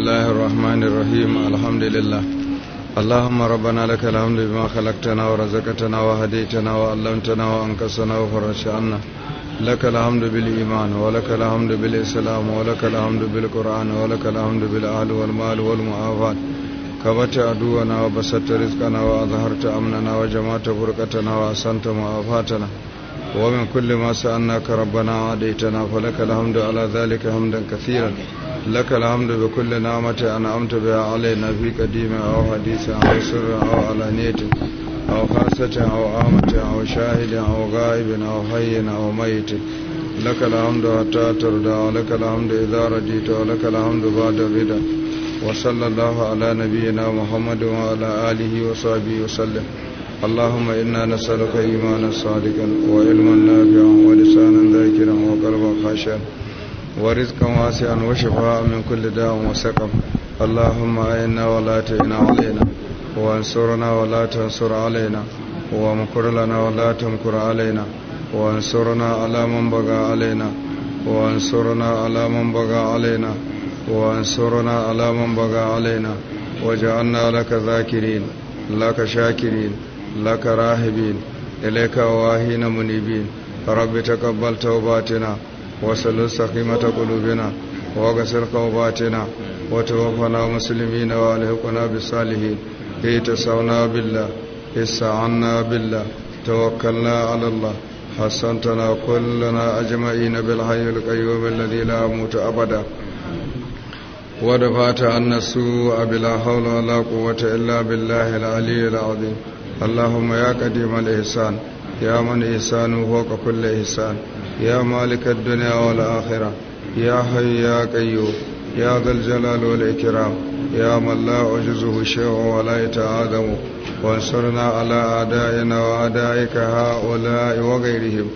الله الرحمن الرحيم الحمد لله اللهم ربنا لك الحمد بما خلقتنا ورزقتنا وهديتنا وعلمتنا وأنقصنا وفرجت عنا لك الحمد بالإيمان ولك الحمد بالإسلام ولك الحمد بالقرآن ولك الحمد بالأهل والمال والمعافات كبت عدونا وبسطت رزقنا وأظهرت أمننا وجمعت بركتنا وأحسنت معافاتنا ومن كل ما سألناك ربنا وعديتنا فلك الحمد على ذلك حمدا كثيرا لك الحمد بكل نعمة أنعمت بها علينا في قديم أو حديث أو سر أو علانية أو خاصة أو آمة أو شاهد أو غائب أو حي أو ميت لك الحمد حتى ترضى ولك الحمد إذا رجيت ولك الحمد بعد الرضا وصلى الله على نبينا محمد وعلى آله وصحبه وسلم اللهم إنا نسألك إيمانا صادقا وعلما نافعا ولسانا ذاكرا وقلبا خاشعا ورزقا واسعا وشفاء من كل داء وسقم اللهم أعنا ولا تعن علينا وانصرنا ولا تنصر علينا وامكر لنا ولا تمكر علينا وانصرنا على من بغى علينا وانصرنا على من بغى علينا وانصرنا على من بغى علينا وجعلنا لك ذاكرين لك شاكرين لك راهبين إليك واهين منيبين رب تقبل توباتنا وسلل سخيمة قلوبنا وغسل قوباتنا وتوفنا مسلمين والحقنا بالصالحين اتصونا بالله إسعنا بالله توكلنا على الله حسنتنا كلنا أجمعين بالحي القيوم الذي لا موت أبدا ودفعت أن السوء بلا حول ولا قوة إلا بالله العلي العظيم اللهم يا قديم الإحسان يا من إحسانه فوق كل إحسان يا مالك الدنيا والآخرة يا حي يا قيوم يا ذا الجلال والإكرام يا من لا أجزه شيء ولا يتآدم وانصرنا على أعدائنا وأعدائك هؤلاء وغيرهم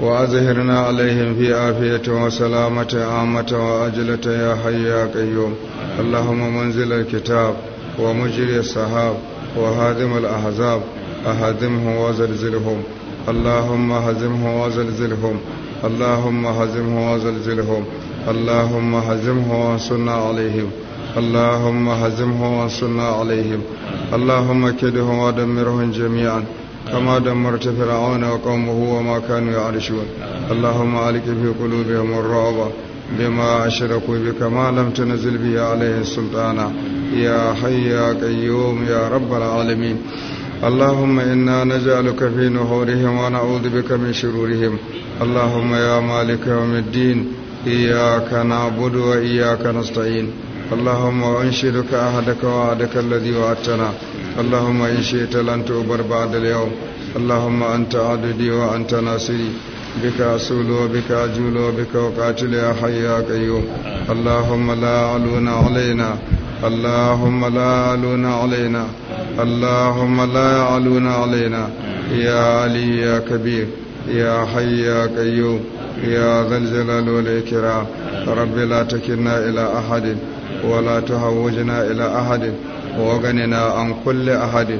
وأظهرنا عليهم في عافية وسلامة عامة وأجلة يا حي يا قيوم اللهم منزل الكتاب ومجري السحاب وهادم الأحزاب أهزمهم وزلزلهم اللهم هزمهم وزلزلهم اللهم هزمهم وزلزلهم اللهم هزمهم وانصرنا عليهم اللهم هزمهم وانصرنا عليهم اللهم كدهم ودمرهم جميعا كما دمرت فرعون وقومه وما كانوا يعرشون اللهم عليك في قلوبهم الرعب بما أشركوا بك ما لم تنزل به عليه سلطانا يا حي يا قيوم يا رب العالمين اللهم إنا نجعلك في نحورهم ونعوذ بك من شرورهم اللهم يا مالك يوم الدين إياك نعبد وإياك نستعين اللهم أنشدك أهدك وعدك الذي وعدتنا اللهم إن شئت لن تؤبر بعد اليوم اللهم أنت عددي وأنت ناصري بك أسول وبك أجول وبك وقاتل يا حي يا قيوم اللهم لا علونا علينا اللهم لا يعلون علينا اللهم لا يعلون علينا يا علي يا كبير يا حي يا قيوم يا ذا الجلال والإكرام رب لا تكلنا إلى أحد ولا تهوجنا إلى أحد وغننا عن كل أحد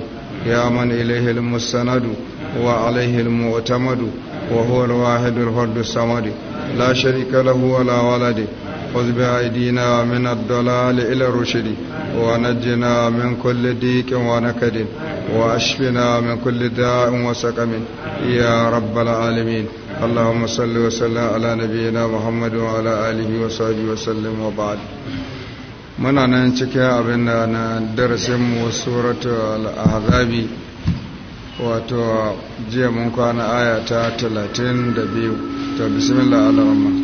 يا من إليه المستند وعليه المعتمد وهو الواحد الفرد الصمد لا شريك له ولا ولد خذ بأيدينا من الضلال إلى الرشد ونجنا من كل ضيق ونكد وأشفنا من كل داء وسقم يا رب العالمين اللهم صل وسلم على نبينا محمد وعلى آله وصحبه وسلم وبعد muna nan cikin abin da na darasinmu suratu al'azabi wato jiya mun kwana aya ta 32 to bismillah al'amma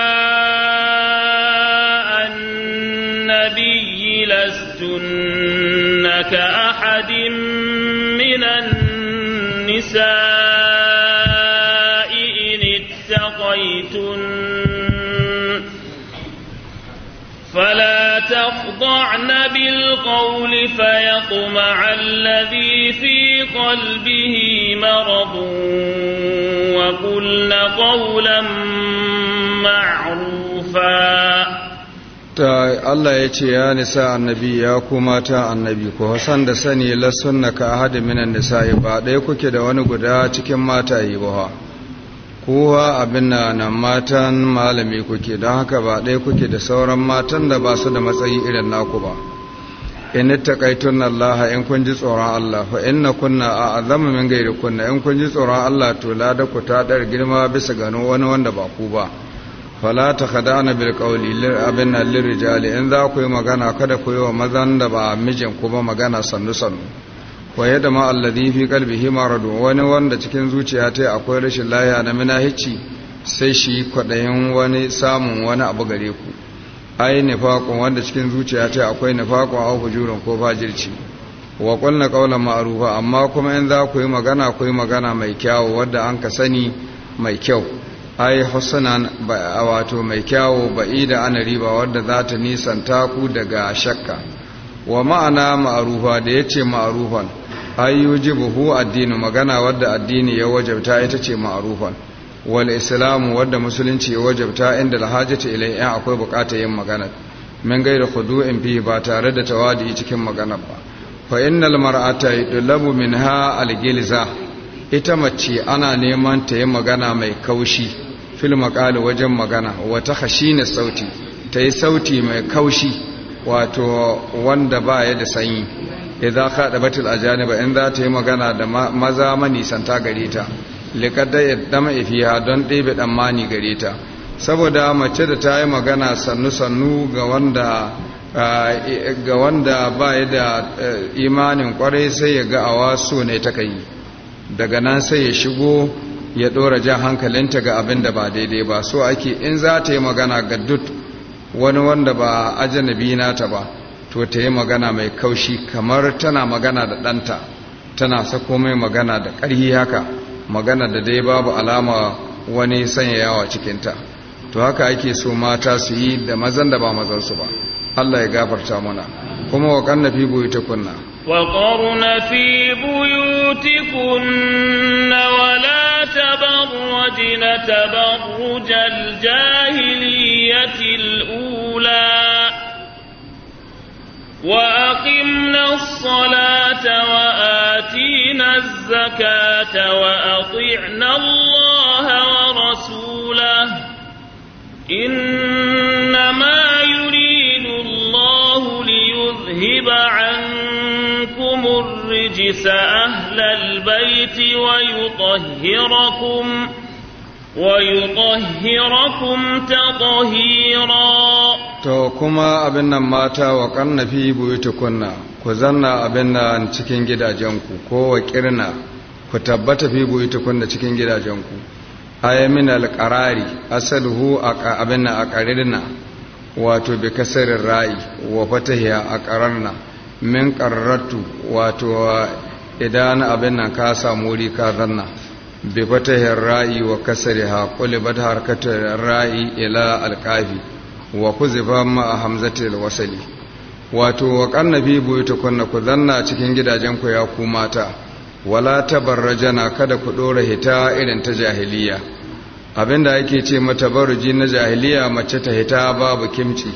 أخضعن بالقول فيطمع الذي في قلبه مرض وقلن قولا معروفا ta Allah ya ce ya nisa annabi ya kuma ta annabi ku hasan da sani lasunna ka ahadi minan nisa'i ba ɗaya kuke da wani guda cikin mataye ba kowa abin na matan malami kuke don haka ba ɗaya kuke da sauran matan da ba su da matsayi irin naku ba in takaitun Allah in kun ji tsoron Allah fa inna kunna a azama min gairi kunna in kun ji tsoron Allah to lada ku ta dar girma bisa gano wani wanda ba ku ba fala ta khadana bil qawli lir abin lir rijali in za ku yi magana kada ku yi wa mazan da ba mijin ku ba magana sannu sannu wa yadda ma alladhi fi qalbihi maradu wani wanda cikin zuciya ta akwai rashin laya na minahici sai shi kwadayin wani samun wani abu gare ku ai nifaqun wanda cikin zuciya ta akwai nifaqun aw fujurun ko fajirci wa qulna qawlan ma'rufa amma kuma in za ku yi magana ku yi magana mai kyau wanda an ka sani mai kyau ai husnan wato mai kyau ida ana riba wanda za ta nisanta ku daga shakka wa ma'ana ma'rufa da yace ma'rufan hu addini magana wadda addini ya wajabta ita ce maarufa wal islamu wadda musulunci ya wajabta inda alhajatu ilai in akwai bukatar yin magana min kudu in fi ba tare da tawadi cikin magana ba fa innal mar'ata yudlabu minha algilza ita mace ana neman ta yi magana mai kaushi fil maqali wajen magana wa ta khashina sauti ta yi sauti mai kaushi wato wanda ba ya da sanyi idza batil ajaniba in za ta yi magana da maza mani santa gare ta likadda ya dama ifiha don ɗebe mani gare ta saboda mace da ta yi magana sannu-sannu ga wanda ga wanda ba ya da imanin kwarai sai ya ga awa so ne ta kai daga nan sai ya shigo ya ɗora jan hankalinta ga abin da ba daidai ba so ake in za ta yi magana ga duk wani wanda ba ajanabi ta ba to ta yi magana mai kaushi kamar tana magana da ɗanta tana sako mai magana da ƙarhi haka magana da dai babu alama wani sanyayawa cikinta to haka ake so mata su yi da mazan da ba mazansu ba Allah ya gafarta mana kuma wa kanna fi kunna. wa qarna fi kunna wa la tabarrujna tabarrujal jahiliyatil ula وأقمنا الصلاة وآتينا الزكاة وأطعنا الله ورسوله إنما يريد الله ليذهب عنكم الرجس أهل البيت ويطهركم ويطهركم تطهيرا to kuma abin nan mata wa karnafi buyutukunna ku zanna abin nan cikin gidajenku ko wa ku tabbata fi buyutukunna cikin gidajenku ay min alqarari asaluhu abin nan aqarirna wato bi kasarin ra'i wa fatahiya aqararna min qarratu wato idan abin nan ka samu wuri ka zanna بفتح الرأي وكسرها wa kasariha qulibat harkatar ra'i ila alqafi wa kuzifa wato wa kannabi kunna ku zanna cikin gidajen ku ya ku mata wala tabarrajana kada ku dora hita irin ta jahiliya abinda yake ce mata baruji na jahiliya mace ta hita babu kimci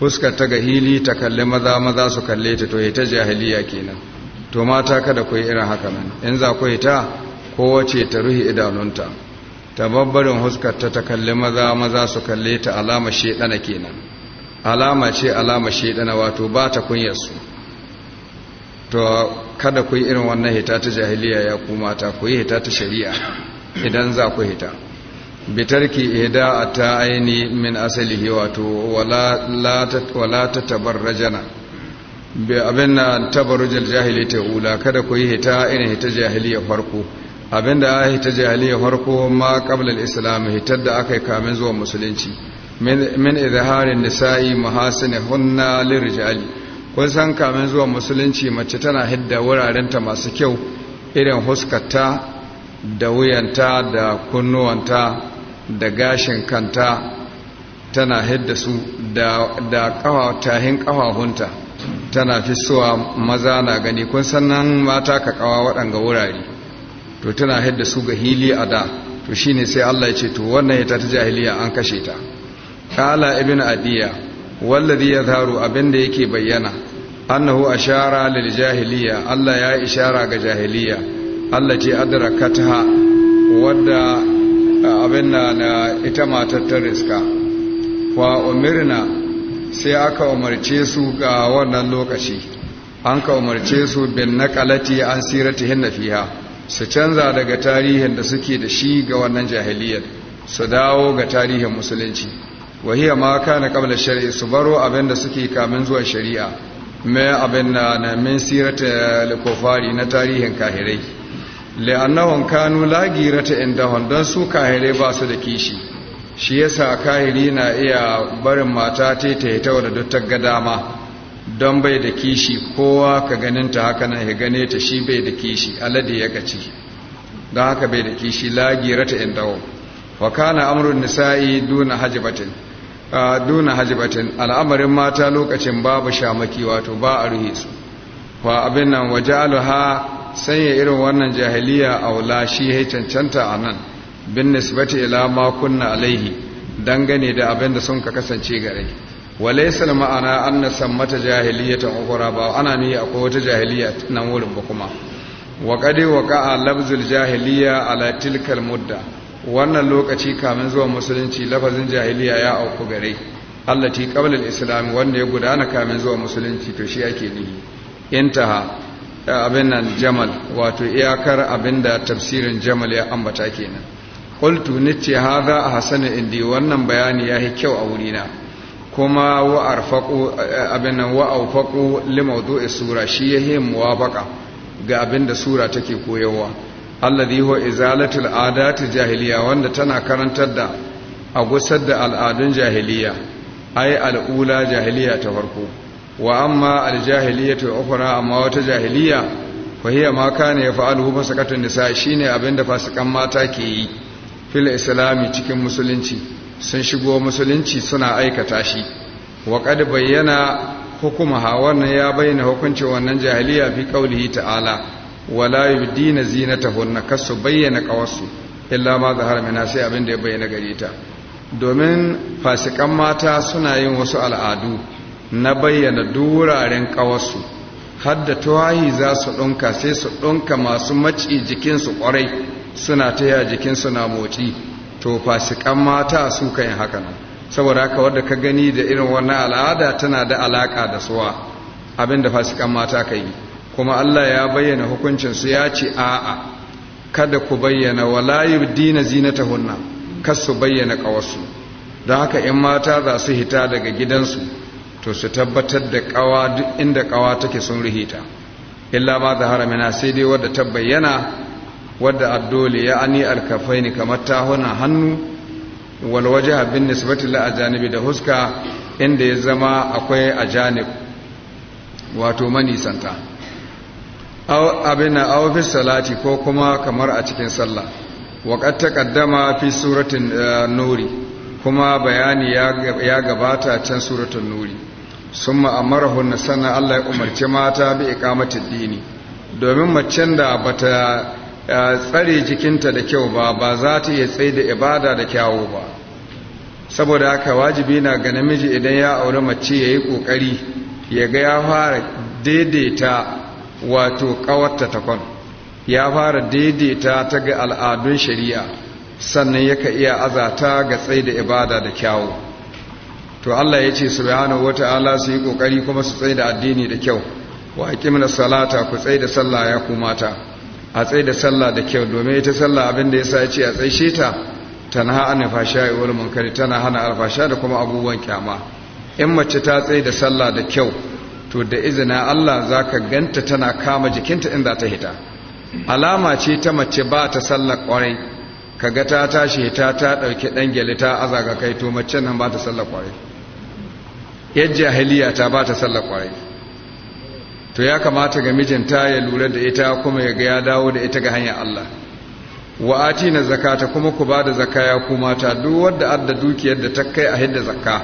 fuska ta ga hili ta kalli maza maza su kalle ta to hita jahiliya kenan to mata kada ku yi irin haka nan in za ku hita kowace ta ruhi idanunta ta babbarin huskarta ta kalli maza maza su kalle ta alama shedana kenan alama ce alama shedana wato ba ta kunyarsu to kada ku yi irin wannan hita ta jahiliya ya kuma ta ku yi hita ta shari'a idan za ku hita bitarki ihda ta aini min asalihi wato wala ta wala tabarrajana abin na tabarujal jahili ta hula kada ku yi hita irin hita jahiliya farko abinda a hita jahiliya farko ma ƙablar islam hitar da aka yi kamin zuwa musulunci min izharin nisa'i hunna lirijali kun san kamin zuwa musulunci mace tana hidda wurarenta masu kyau irin huskarta da wuyanta da kunnuwanta da gashin kanta tana hidda su da tahin ƙafafunta tana fi suwa maza na gani kun sannan mata ka kawa waɗanga wurare to tana hidda su ga hili a da to shine sai Allah ya ce to wannan ita ta jahiliya an kashe ta kala ibn adiya wallazi yadharu abinda yake bayyana annahu ashara lil jahiliya Allah ya ishara ga jahiliya Allah ce adrakatha wadda abin na ita matar ta riska wa umirna sai aka umarce su ga wannan lokaci an ka umarce su bin naqalati an siratihin fiha su canza daga tarihin da suke da shi ga wannan jahiliyar su dawo ga tarihin musulunci wahiya ma kana qabla shari'a su baro abin da suke kamin zuwa shari'a mai abin na na min sirata al na tarihin kahirai la'annahum kanu lagirata indahum dan su kahirai ba su da kishi shi yasa kahiri na iya barin mata ta ta yi ta duk ta don bai da kishi kowa ka ganinta ta haka na ya gane ta shi bai da kishi alade ya gaci don haka bai da kishi lagira ta indawo wa kana amrun nisa'i duna hajibatin duna hajibatin al'amarin mata lokacin babu shamaki wato ba a ruhe su wa abin nan waje aluha sanya irin wannan jahiliya a wula shi ya cancanta a nan bin nisbati ila ma kunna alaihi dangane da abin da sun ka kasance rai walaisal ma'ana an na sammata jahiliyatan ukura ba ana ni akwai wata jahiliya nan wurin ba kuma wa qadi wa jahiliya ala tilkal mudda wannan lokaci kamin zuwa musulunci lafazin jahiliya ya auku gare allati qabla al-islam wanda ya gudana kamin zuwa musulunci to shi ake nihi intaha abin nan jamal wato iyakar abinda tafsirin jamal ya ambata kenan qultu nitti hadha ahsana indi wannan bayani yayi kyau a wurina kuma wa abin nan wa aufaqu li sura shi ya yahe muwafaqa ga abin da sura take koyarwa alladhi huwa izalatul adati jahiliya wanda tana karantar da a da al'adun jahiliya ai al'ula jahiliya ta farko wa amma ta ukhra amma wata jahiliya fa hiya ma kana yaf'aluhu fasakatun nisa shine abin da fasikan mata ke yi fil islami cikin musulunci sun shigo musulunci suna aikata shi wa bayyana bayyana ha wannan ya bayyana hukuncin wannan jahiliya fi qaulihi ta'ala wala yubdina zinatahunna kasu bayyana qawasu illa ma zahara mina sai abin da ya bayyana gare ta domin fasikan mata suna yin wasu al'adu na bayyana duraren ƙawarsu har da tuwahi za su ɗunka sai su ɗunka masu maci jikinsu kwarai suna taya jikinsu na motsi to fasikan mata su kan yin haka nan saboda haka wadda ka gani da irin wannan al'ada tana da alaka da suwa abinda fasikan mata ka yi kuma Allah ya bayyana hukuncinsu ya ce a'a kada ku bayyana wala dina zinatahunna kar su bayyana kawarsu don haka in mata za su hita daga gidansu to su tabbatar da kawa duk inda kawa take sun ta. illa ma zahara mina sai dai wadda ta bayyana wadda addole ya ani ne kamar tahuna hannu walwaje bin nisbati la ajanibi da huska inda ya zama akwai ajanib wato manisanta abin a ofis salati ko kuma kamar a cikin sallah waƙar taƙaddama fi suratun eh, nuri kuma bayani ya gabata can suratun nuri sun ma'amara hunna sannan allah ya umarci mata bi ikamatin dini domin macen da bata tsare jikinta da kyau ba ba za ta iya tsaye da ibada da kyawo ba saboda haka wajibi na ga namiji idan ya aure mace ya yi ƙoƙari ya ga ya fara daidaita wato ƙawarta takwan ya fara daidaita ta ga al'adun shari'a sannan yaka iya azata ga tsaye da ibada da kyawo to Allah ya ce subhanahu wata'ala su yi ƙoƙari kuma su tsaye da addini da kyau wa aqimina salata ku tsaye da sallah ya kumata a tsaye da sallah da kyau domin ita sallah abin da ya ce a tsaishe ta tanha an fasha wal munkari tana hana alfasha da kuma abubuwan kyama in mace ta tsaye da sallah da kyau to da izina Allah za ka ganta tana kama jikinta in za ta hita alama ce ta mace ba ta sallar kwarai kaga ta tashi ta ta dauki dan gyale ta azaga kai to mace nan ba ta sallar kwarai yar ta ba ta sallar kwarai to ya kamata ga mijinta ya lura da ita kuma ya ga ya dawo da ita ga hanyar Allah wa na zakata kuma ku bada zakka ya ku mata duk wanda adda dukiyar da ta kai a hidda zakka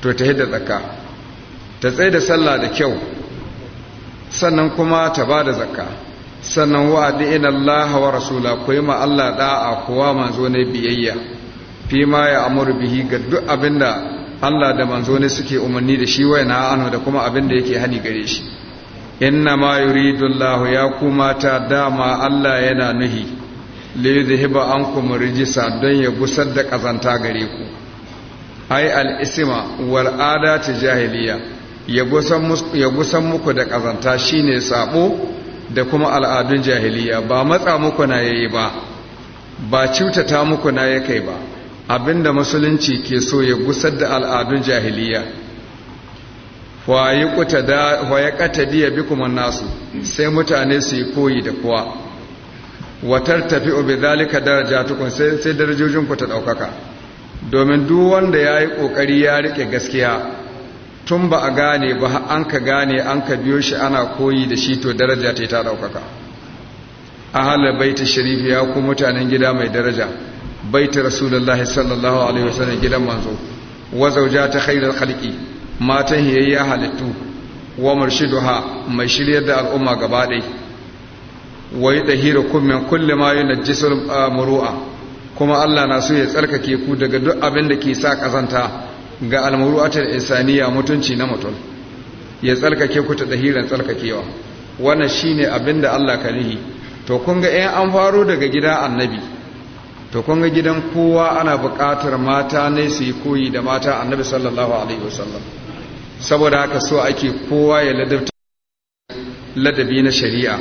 to ta hidda zakka ta tsaye da sallah da kyau sannan kuma ta bada zakka sannan wa ina Allah wa rasula ku yi ma Allah da'a kuwa manzo ne biyayya fi ma ya amuru bihi ga duk abinda Allah da manzo ne suke umarni da shi wayana anu da kuma abinda yake hani gare shi inna ma yuridullahu ya kuma ta dama Allah yana nuhi li an kuma rijisa don ya gusar da kazanta gare ku ai al isma wal jahiliya ya gusan muku da kazanta shine sabo da kuma al'adun jahiliya ba matsa muku na yayi ba ba cutata muku na yake ba abinda musulunci ke so ya gusar da al'adun jahiliya wa yi diya bi kuma nasu sai mutane su yi koyi da kowa watar tafi obi zalika daraja tukun sai darajojinku ta ɗaukaka domin duk wanda ya yi ƙoƙari ya rike gaskiya tun ba a gane ba an ka gane an ka biyo shi ana koyi da shi to daraja ta ta ɗaukaka a halar baita sharif ya ku mutanen gida mai daraja baita rasulullahi sallallahu alaihi wasallam gidan manzo wa zauja ta khairar khalqi matan hiyayya halittu wa ha mai shiryar da al'umma gaba ɗai wa yi ɗahira kummin kulle ma yi najisul muru'a kuma Allah na so ya tsarkake ku daga duk abin da ke sa kazanta ga almuru'atar insaniya mutunci na mutum ya tsarkake ku ta ɗahiran tsarkakewa wannan shine abin da Allah ka nihi to kun ga an faro daga gida annabi to kun ga gidan kowa ana buƙatar mata ne su yi koyi da mata annabi sallallahu alaihi wasallam saboda haka so ake kowa ya ladabta ladabi na shari'a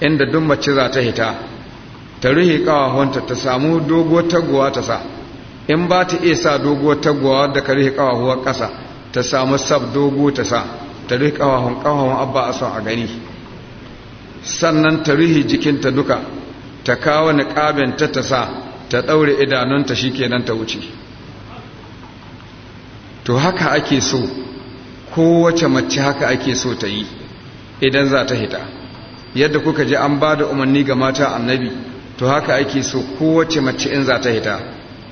inda duk mace za ta hita ta ruhe kawahonta ta samu doguwar taguwa ta sa in ba ta iya sa doguwar taguwa da ka ruhe kawahuwar ƙasa ta samu sab dogo ta sa ta ruhe kawahon kawahon abba a son a gani sannan ta ruhe jikinta duka ta kawo niƙabinta ta sa ta ɗaure idanunta shi kenan ta wuce to haka ake so kowace mace haka ake so ta yi idan za ta hita yadda kuka ji an ba da umarni ga mata annabi to haka ake so kowace mace in za ta hita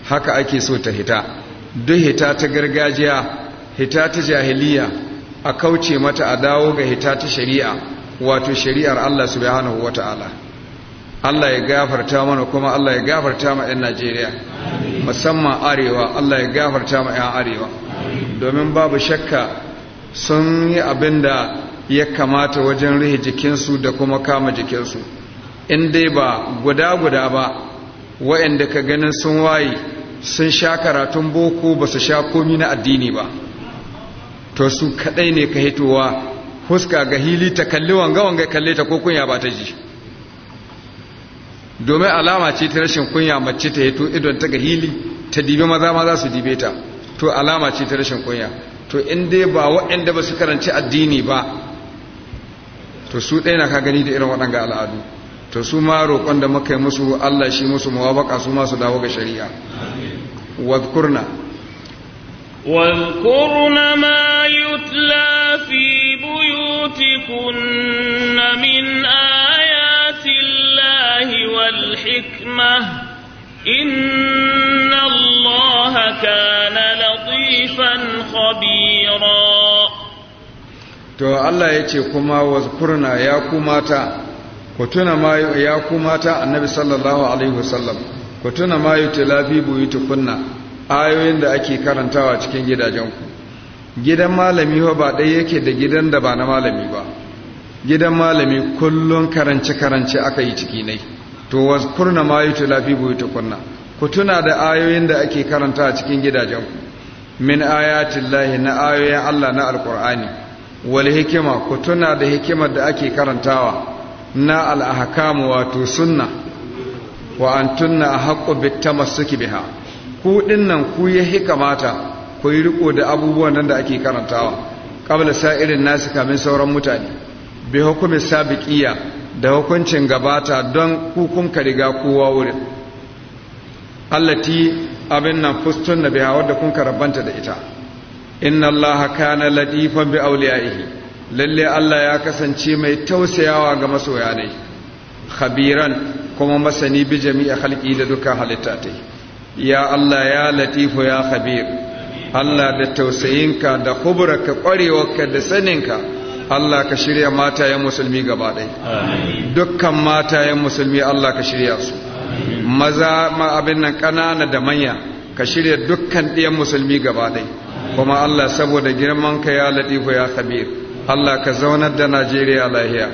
haka ake so ta hita duk hita ta gargajiya hita ta jahiliya a kauce mata a dawo ga hita ta shari'a wato shari'ar Allah subhanahu ta'ala Allah ya gafarta mana kuma Allah ya gafarta ma 'yan Najeriya musamman arewa Allah ya gafarta ma 'yan arewa domin babu shakka sun yi abin da ya kamata wajen rihe jikinsu da kuma kama jikinsu in dai ba guda-guda ba waɗanda ka ganin sun waye sun sha karatun boko ba su sha komi na addini ba to su kaɗai ne ka hitowa huska ga hili ta kalli wanga-wanga kalle ta ko kunya ba ta ji domin alama ce ta rashin kunya mace ta hito idon ta ga hili ta dibe maza maza su dibe ta to alama ce ta rashin kunya to in dai ba waɗanda ba su karanci addini ba to su ɗaya na ka gani da irin waɗanga al'adu to su ma roƙon da muka yi musu Allah shi musu mawabaka su masu dawo ga shari'a wadkurna wadkurna ma yutla buyuti buyutikunna min wal hikmah إن الله كان لطيفا خبيرا to Allah ya ce kuma wazkurna ya ku ku tuna ma ya ku annabi sallallahu alaihi wasallam ku tuna ma yutila fi ayoyin da ake karantawa cikin gidajenku gidan malami ba ɗaya yake da gidan da ba na malami ba gidan malami kullum karance karance aka yi ciki ne to waskurna ma yutla fi buyutikunna ku tuna da ayoyin da ake karanta a cikin gidajenku min ayatin na ayoyin Allah na alkur'ani wal hikima ku tuna da hikimar da ake karantawa na al'ahakamu wato sunna wa antunna tunna a haƙo bitamassuki biha ku dinnan ku ya hikamata ku yi riko da abubuwan nan da ake karantawa ƙabla sa'irin nasu kamin sauran mutane bi hukumi sabiqiyya da hukuncin gabata don hukun ka riga kowa wurin allati abin nan fustun na biya wadda kun karabanta da ita inna Allah kana latifan bi auliyaihi lalle Allah ya kasance mai tausayawa ga masoya ne khabiran kuma masani bi jami'a khalqi da duka halitta ta ya Allah ya latifu ya khabir Allah da tausayinka da hubraka kwarewarka da saninka Allah ka shirya matayen musulmi gaba ɗai dukkan matayen musulmi Allah ka shirya su maza ma abin nan ƙanana da manya ka shirya dukkan ɗiyan musulmi gaba ɗai kuma Allah saboda girman ka ya ko ya khabir Allah ka zaunar da Najeriya lahiya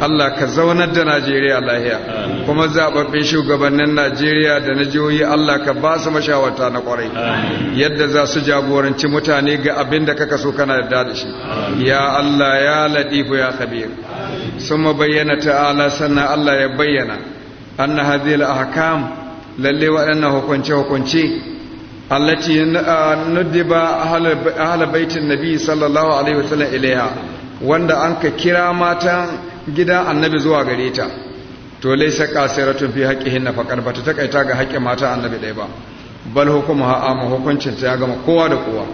Allah ka zaunar da Najeriya lahiya kuma zaɓaɓɓen shugabannin Najeriya da na jihohi Allah ka ba su mashawarta na ƙwarai. yadda za su jagoranci mutane ga abin da kaka so kana da da shi ya Allah ya laɗifu ya khabir sun bayyana ta'ala sannan Allah ya bayyana na hadhihi al-ahkam lalle waɗannan hukunce hukunce allati nudiba ahla baitin nabi alaihi wasallam ilaiha wanda an ka kira matan gidan annabi zuwa gare ta to laysa qasiratun fi haqqihin nafaqar bata takaita ga haƙƙin mata annabi ba bal hukumu ha amma ta ya gama kowa da kowa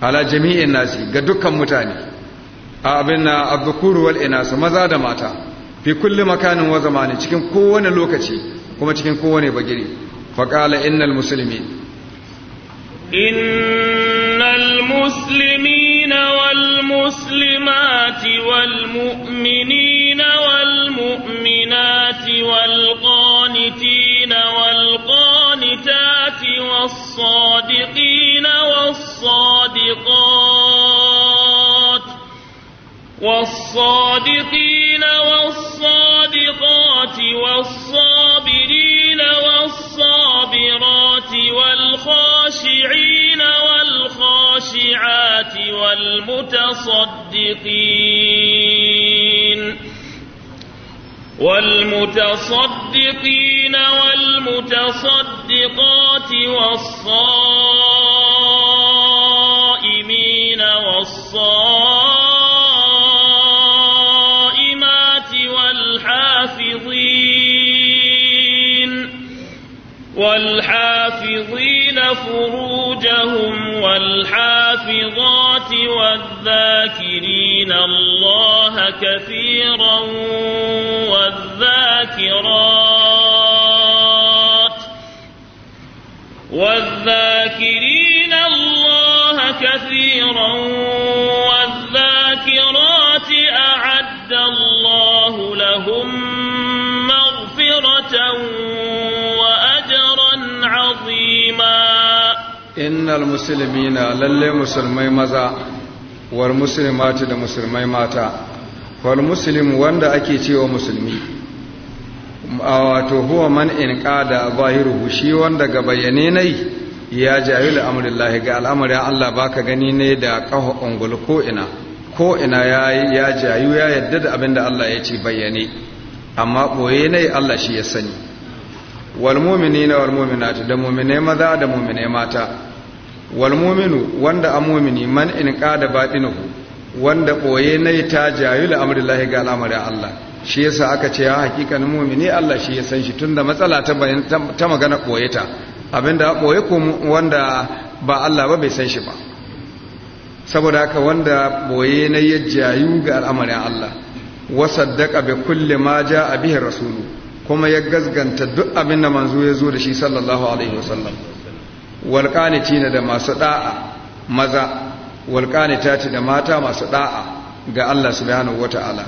ala jami'in nasi ga dukkan mutane a abin na azzukuru wal inasu maza da mata fi kulli makanin wa zamani cikin kowane lokaci kuma cikin kowane bagire faqala innal musulmi. إن المسلمين والمسلمات والمؤمنين والمؤمنات والقانتين والقانتات والصادقين والصادقات والصادقين والصادقات والصابرين والصابرين والصابرات والخاشعين والخاشعات والمتصدقين والمتصدقين والمتصدقات والصائمين والصائمات والحافظين والحافظين فروجهم والحافظات والذاكرين الله كثيرا والذاكرات والذاكرين الله كثيرا innal muslimina lalle musulmai maza war muslimati da musulmai mata wal muslim wanda ake cewa musulmi wato huwa man in qada zahiruhu shi wanda ga bayyane nai ya jahil amrillah ga al'amarin Allah baka gani ne da qahu ungul ko ina ko ina ya ya jayu ya yadda da abinda Allah ya ce bayyane amma boye nai Allah shi ya sani wal mu'minina wal mu'minati da mu'mine maza da mu'mine mata wal wanda a mu'mini man in qada batinahu wanda boye yi ta jayu amrillahi ga al'amarin Allah shi yasa aka ce ya hakikanin mu'mini Allah shi ya san shi tunda matsala ta ta magana ɓoye ta abinda boye ko wanda ba Allah ba bai san shi ba saboda haka wanda boye na jayu ga al'amarin Allah wasaddaka bi kulli ma jaa bihi rasulu kuma ya gazganta duk abin da manzo ya zo da shi sallallahu alaihi wasallam walƙanici na da masu ɗa'a maza walƙanita ce da mata masu ɗa'a ga Allah subhanahu wata'ala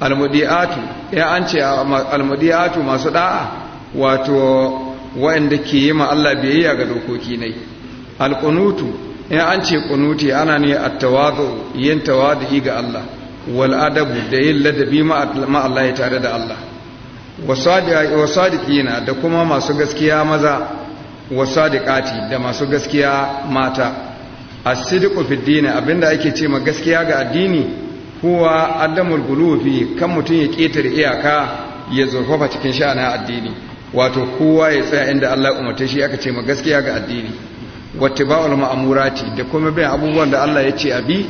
almudiyatu ya an ce almudiyatu masu ɗa'a wato wa'inda ke yi ma Allah biyayya ga dokoki ne alƙunutu ya an ce ƙunuti ana ne tawazo yin tawadi ga Allah Waladabu da yin ladabi ma Allah ya tare da Allah wasadiqina da kuma masu gaskiya maza Wasu sadiqati da masu gaskiya mata a sidqu fi abinda ake ce ma gaskiya ga addini huwa adamul gulufi kan mutum ya ketare iyaka ya zurfafa cikin sha'anin addini wato kowa ya tsaya inda Allah ya umarta shi aka ce ma gaskiya ga addini Ba'ul ma'amurati da kuma bin abubuwan da Allah ya ce a bi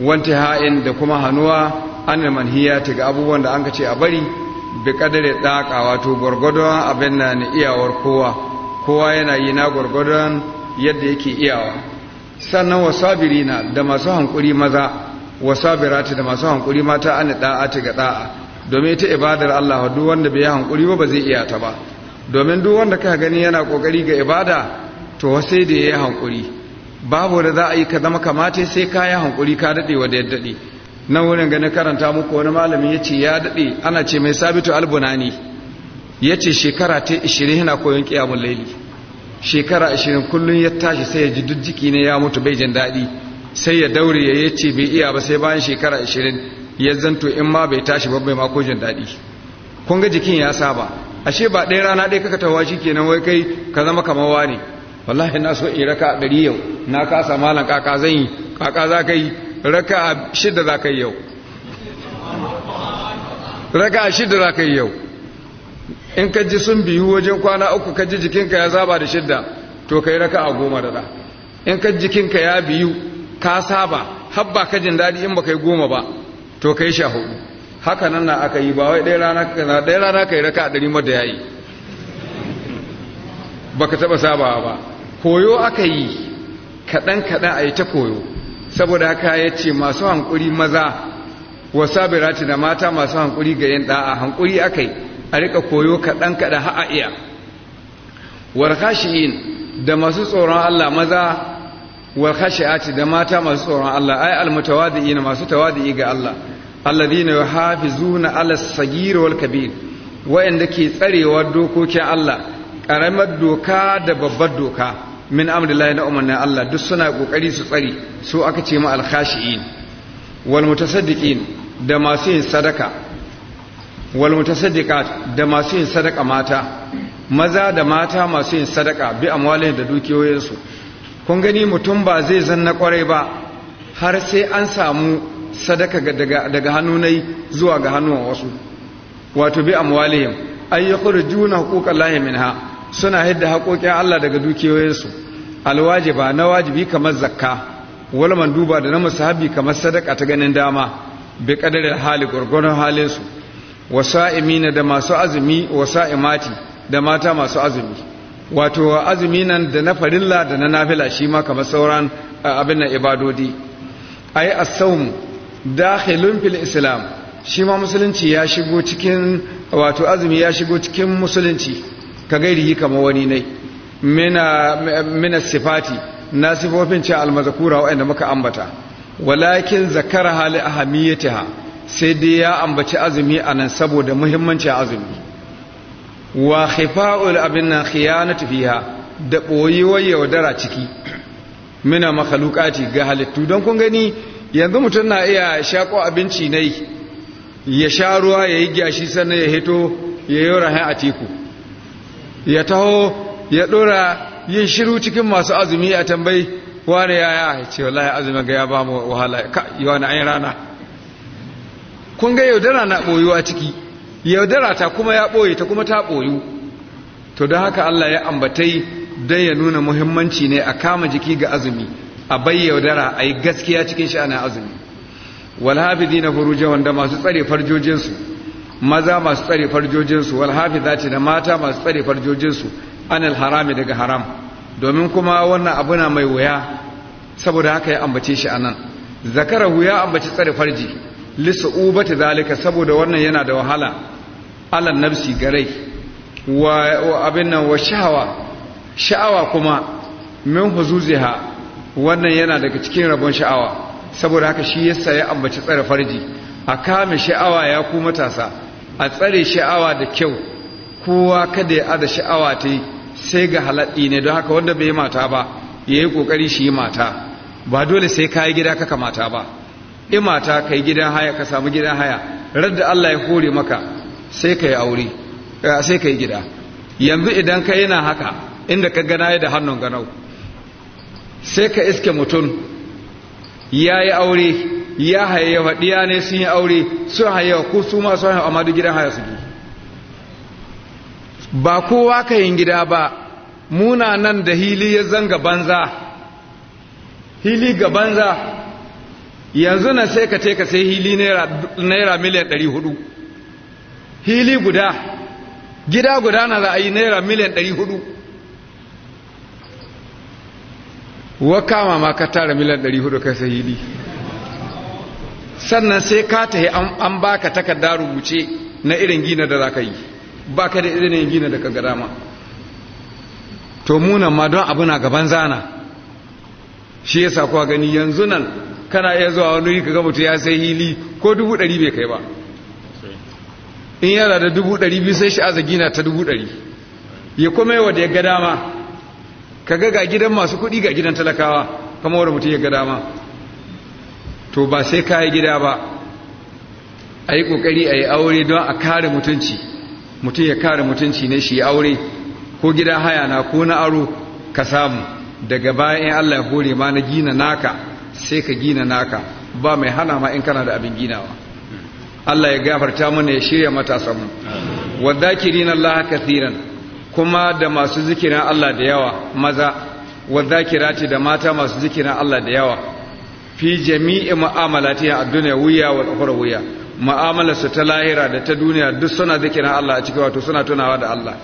wanta ha'in da kuma hanuwa ana manhiyati ga abubuwan da an ka ce a bari bi kadare daka wato gwargwadon abin na iyawar kowa kowa yana yi na gwargwadon yadda yake iyawa sannan wasabiri na da masu hankuri maza wasabirati da masu hankuri mata an ta ga da'a domin ita ibadar Allah duk wanda bai hankuri ba ba zai iya ta ba domin duk wanda ka gani yana kokari ga ibada to sai da yayi hankuri babu da za a yi ka zama kamata sai ka yi hankuri ka dade wa da ya dade nan wurin ganin karanta muku wani malami ya ce ya dade ana ce mai sabitu albunani ya ce shekara ta 20 yana koyon kiyamun laili shekara 20 kullum ya tashi sai ya ji duk jiki ne ya mutu bai jin daɗi sai ya daure ya yi ce bai iya ba sai bayan shekara 20 ya zanto in ma bai tashi ba bai mako jin daɗi kun ga jikin ya saba ashe ba ɗaya rana ɗaya kaka tawa shi kenan wai kai ka zama kamar wani wallahi na so in raka a ɗari yau na kasa malam kaka zan yi kaka za ka yi raka a za ka yi yau raka za ka yi yau in ka ji sun biyu wajen kwana uku ka ji jikinka ya zaba da shidda to kai raka a goma da in ka jikinka ya biyu ka saba har ba ka jin daɗi in ba kai goma ba to kai sha hudu haka nan na aka yi ba wai ɗaya rana ɗaya rana raka a ɗari mada ya yi ba ka taɓa sabawa ba koyo aka yi kaɗan kaɗan a yi ta koyo saboda haka ya ce masu hankuri maza wasu sabirati da mata masu hankuri ga yin ɗa'a hankuri aka yi a rika koyo kaɗan ha a iya warkashi'in da masu tsoron Allah maza warkashi'ati da mata masu tsoron Allah ay na masu tawadi'i ga Allah alladhina yuhafizuna ala as-sagir wal kabir wa'anda ke tsarewa dokokin Allah karamar doka da babbar doka min amrillahi na umarnin Allah duk suna kokari su tsare su aka ce ma alkhashi'in wal mutasaddiqin da masu yin sadaka wal mutasaddiqat da masu yin sadaka mata maza da mata masu yin sadaka bi amwalin da dukiyoyinsu kun gani mutum ba zai zanna kwarai ba har sai an samu sadaka daga daga hannunai zuwa ga hannuwan wasu wato bi amwalihim juna yukhrijuna huquqallahi minha suna hidda haƙoƙin Allah daga dukiyoyinsu alwajiba na wajibi kamar zakka wal duba da na musahabi kamar sadaka ta ganin dama bi da hali gurgurun halinsu sa’imina da masu azumi sa’imati da mata masu azumi wato azumi nan da na farilla da na nafila shi ma kamar sauran abin na ibadodi ai as-sawm dakhilun fil islam shi ma musulunci ya shigo cikin wato azumi ya shigo cikin musulunci ka yi kamar wani ne mina sifati na sifofin ce almazakura waɗanda muka ambata walakin zakara hali ahamiyyatiha sai dai ya ambaci azumi a nan saboda muhimmanci azumi wa khifa'ul abin nan khiyanatu fiha da boyewar yaudara ciki mina makhluqati ga halittu don kun gani yanzu mutum na iya shako abinci nai ya sha ruwa ya yi gyashi sannan ya hito ya yi rahin a teku ya taho ya dora yin shiru cikin masu azumi a tambayi wani yaya ce wallahi azumi ga ya ba mu wahala yi wani ayin rana kun ga yaudara na a ciki yaudara ta kuma ya ɓoye ta kuma ta ɓoyu to don haka Allah ya ambatai don ya nuna muhimmanci ne a kama jiki ga azumi a bai yaudara a yi gaskiya cikin sha'anin azumi walhafizi na furuje wanda masu tsare farjojinsu maza masu tsare farjojinsu walhafiza ce da mata masu tsare farjojinsu anil harami daga haram domin kuma wannan abu na mai wuya saboda haka ya ambace shi anan zakarahu ya ambaci tsare farji ta zalika saboda wannan yana da wahala alan nafsi garai wa abin nan wa sha'awa sha'awa kuma min huzuziha wannan yana daga cikin rabon sha'awa saboda haka shi yasa ya ambaci tsare farji a kame sha'awa ya ku matasa a tsare sha'awa da kyau kowa kada ya ada sha'awa ta sai ga halaɗi ne don haka wanda bai mata ba ya yi ƙoƙari shi yi mata ba dole sai kayi gida kaka mata ba imata kai gidan haya ka samu gidan haya radda Allah ya kore maka sai ka yi aure eh, sai ka yi gida yanzu idan ka yana haka inda ka gana da hannun ganau sai ka iske mutum ya yi aure ya hayayyawa ɗiya ne sun yi aure sun hayayyawa ko su ma sun hayayyawa amma duk gidan haya suke ba kowa ka yin gida ba muna nan da hili ya zanga banza hili ga banza yanzu nan sai ka teka sai hili naira miliyan 400 hili guda gida guda na za a yi naira miliyan 400 wa kama ma ka tara miliyan 400 kai sai hili sannan sai ka yi an baka takarda rubuce na irin gina da za ka yi ba ka da irin gina da ka gada ma to munan ma don abu na gaban zana shi yasa kuwa gani yanzu nan kana iya zuwa wani wuri kaga mutu ya sai hili ko dubu ɗari bai kai ba in yana da dubu ɗari biyu sai shi azagi na ta dubu ɗari ya kuma yawa da ya ga dama kaga ga gidan masu kuɗi ga gidan talakawa kama wanda mutu ya ga dama to ba sai kayi gida ba a yi ƙoƙari a yi aure don a kare mutunci mutum ya kare mutunci ne shi aure ko gida haya na ko na aro ka samu daga bayan Allah ya hore ma na gina naka sai ka gina naka ba mai hana ma in kana da abin ginawa Allah ya gafarta mana ya shirya matasanmu wadhakirin Allah kathiran kuma da masu zikirin Allah da yawa maza wadhakirati da mata masu zikirin Allah da yawa fi jami'i mu'amalati a duniya wuya wal ukhra mu'amalar su ta lahira da ta duniya duk suna zikirin Allah a cikin wato suna tunawa da Allah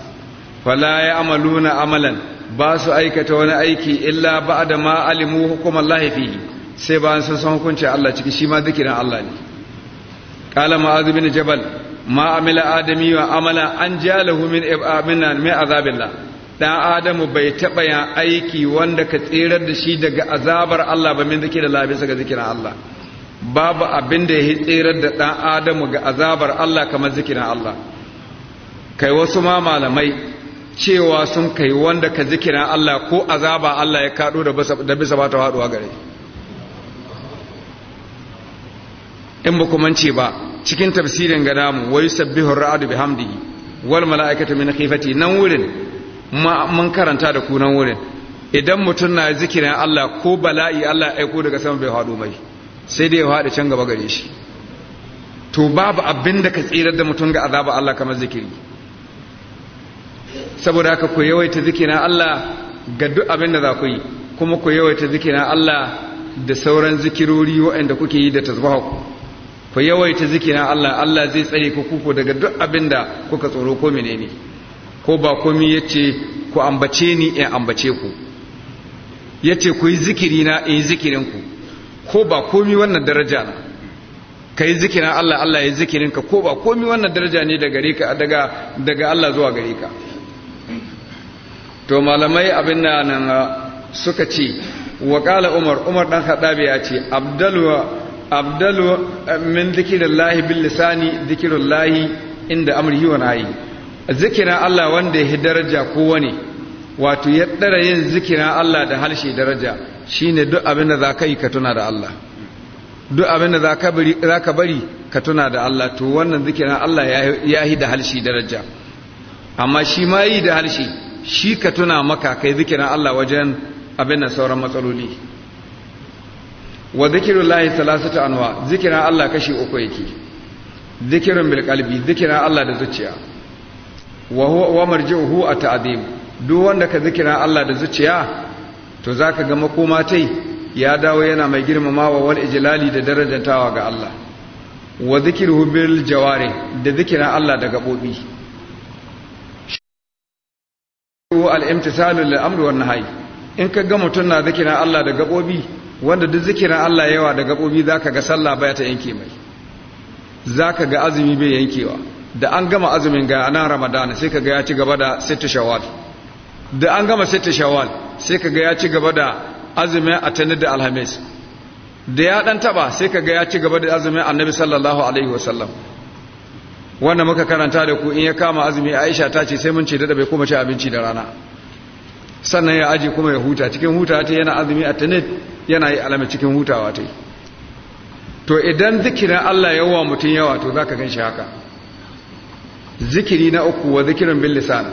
fala ya amaluna amalan ba su aikata wani aiki illa ba'da ma alimu hukum Allah fihi sai ba an san hukunci Allah ciki shi ma zikirin Allah ne qala ma'az bin jabal ma amila adami wa amala an jalahu min ibamina ah, min azabillah dan adamu bai taba yan aiki wanda ka tsirar da shi daga azabar Allah ba min zikirin Allah bisa ga zikirin Allah babu abin da ya tsirar da dan adamu ga azabar Allah kamar zikirin Allah kai wasu ma malamai cewa sun kai wanda ka zikirin Allah ko azaba Allah ya kado da bisa ba ta faduwa gare shi in ba kuma ce ba cikin tafsirin ga namu wa yusabbihu ar-ra'du bihamdihi wal mala'ikatu min khifati nan wurin mun karanta da ku nan wurin idan mutum na zikirin Allah ko bala'i Allah ya aiko daga sama bai haɗu mai sai dai ya haɗu can gaba gare shi to babu abin da ka tsirar da mutum ga azaba Allah kamar zikiri saboda haka ku yawaita zikirin Allah ga duk abin da za ku yi kuma ku yawaita zikirin Allah da sauran zikirori waɗanda kuke yi da tasbahu ku yawaita zikirin Allah Allah zai tsare ku kuku daga duk abin da kuka tsoro ko menene ko ba komi yace ku ambace ni in ambace ku yace ku yi zikiri na in yi zikirin ku ko ba komi wannan daraja na ka yi zikirin Allah Allah ya zikirin ka ko ba komi wannan daraja ne daga gare ka daga daga Allah zuwa gare ka to malamai abin nan suka ce wa qala umar umar dan hadabi ya ce abdalwa abdalu eh, min zikirillahi bil lisani zikirullahi inda amri wa nayi zikira Allah wanda ya daraja kowane wato ya dara yin zikira Allah da halshe daraja shine duk abin da zaka yi ka tuna da Allah duk abin da zaka bari zaka bari ka tuna da Allah to wannan zikira Allah ya yi da halshe daraja amma shi ma yi da halshe shi ka tuna maka kai zikira Allah wajen abin da sauran matsaloli wa zikirin lahi salasata anwa zikirin Allah kashi uku yake zikirin bilkalbi zikirin Allah da zuciya wa hu a ta'adim duk wanda ka zikirin Allah da zuciya to za ka ga makoma tai ya dawo yana mai girmamawa wal ijlali da darajantawa ga Allah wa zikiruhu bil jawari da zikirin Allah da gabobi al-imtisalu lil amri wan nahyi in ka ga mutun na zikirin Allah da gabobi wanda duk zikirin Allah yawa da gabobi ka ga sallah baya ta yanke mai za ka ga azumi bai yankewa da an gama azumin ga ana ramadana sai ga ya ci gaba da sita shawal. da an gama sita shawal sai ga ya ci gaba da azumin tanar da alhamis da ya dan taba sai ga ya ci gaba da azumin annabi sallallahu alaihi wasallam wannan muka karanta da ku in ya kama azumi Aisha ta ce sai mun ce da bai kuma ci abinci da rana sannan ya aje kuma ya huta cikin huta ta yana azumi a tanit yana yi alama cikin hutawa ta to idan zikirin Allah wa mutum yawa to za ka gan shi haka zikiri na uku wa zikirin bin lisan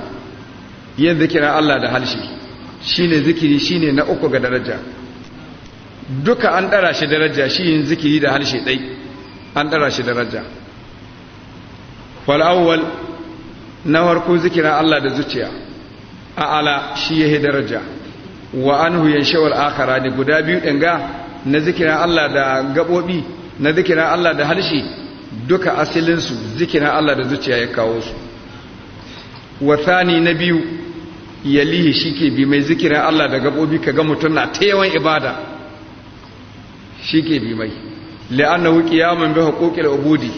yin zikirin Allah da halshi ne zikiri shi ne na uku ga daraja duka an ɗara shi daraja shi yin zikiri da halshe ɗai an ɗara shi daraja fal'awwal na farko zikirin Allah da zuciya a'ala shi ya yi daraja wa anhu a'kara ne. guda biyu ɗin ga na zikina Allah da gabobi na zikina Allah da harshe, duka asilinsu zikina Allah da zuciya ya kawo su wa na biyu yalihi ke bi mai zikina Allah da gabobi ga mutum na ta yawan ibada Shi ke bi mai la'annahu qiyamun bi huquqil ubudi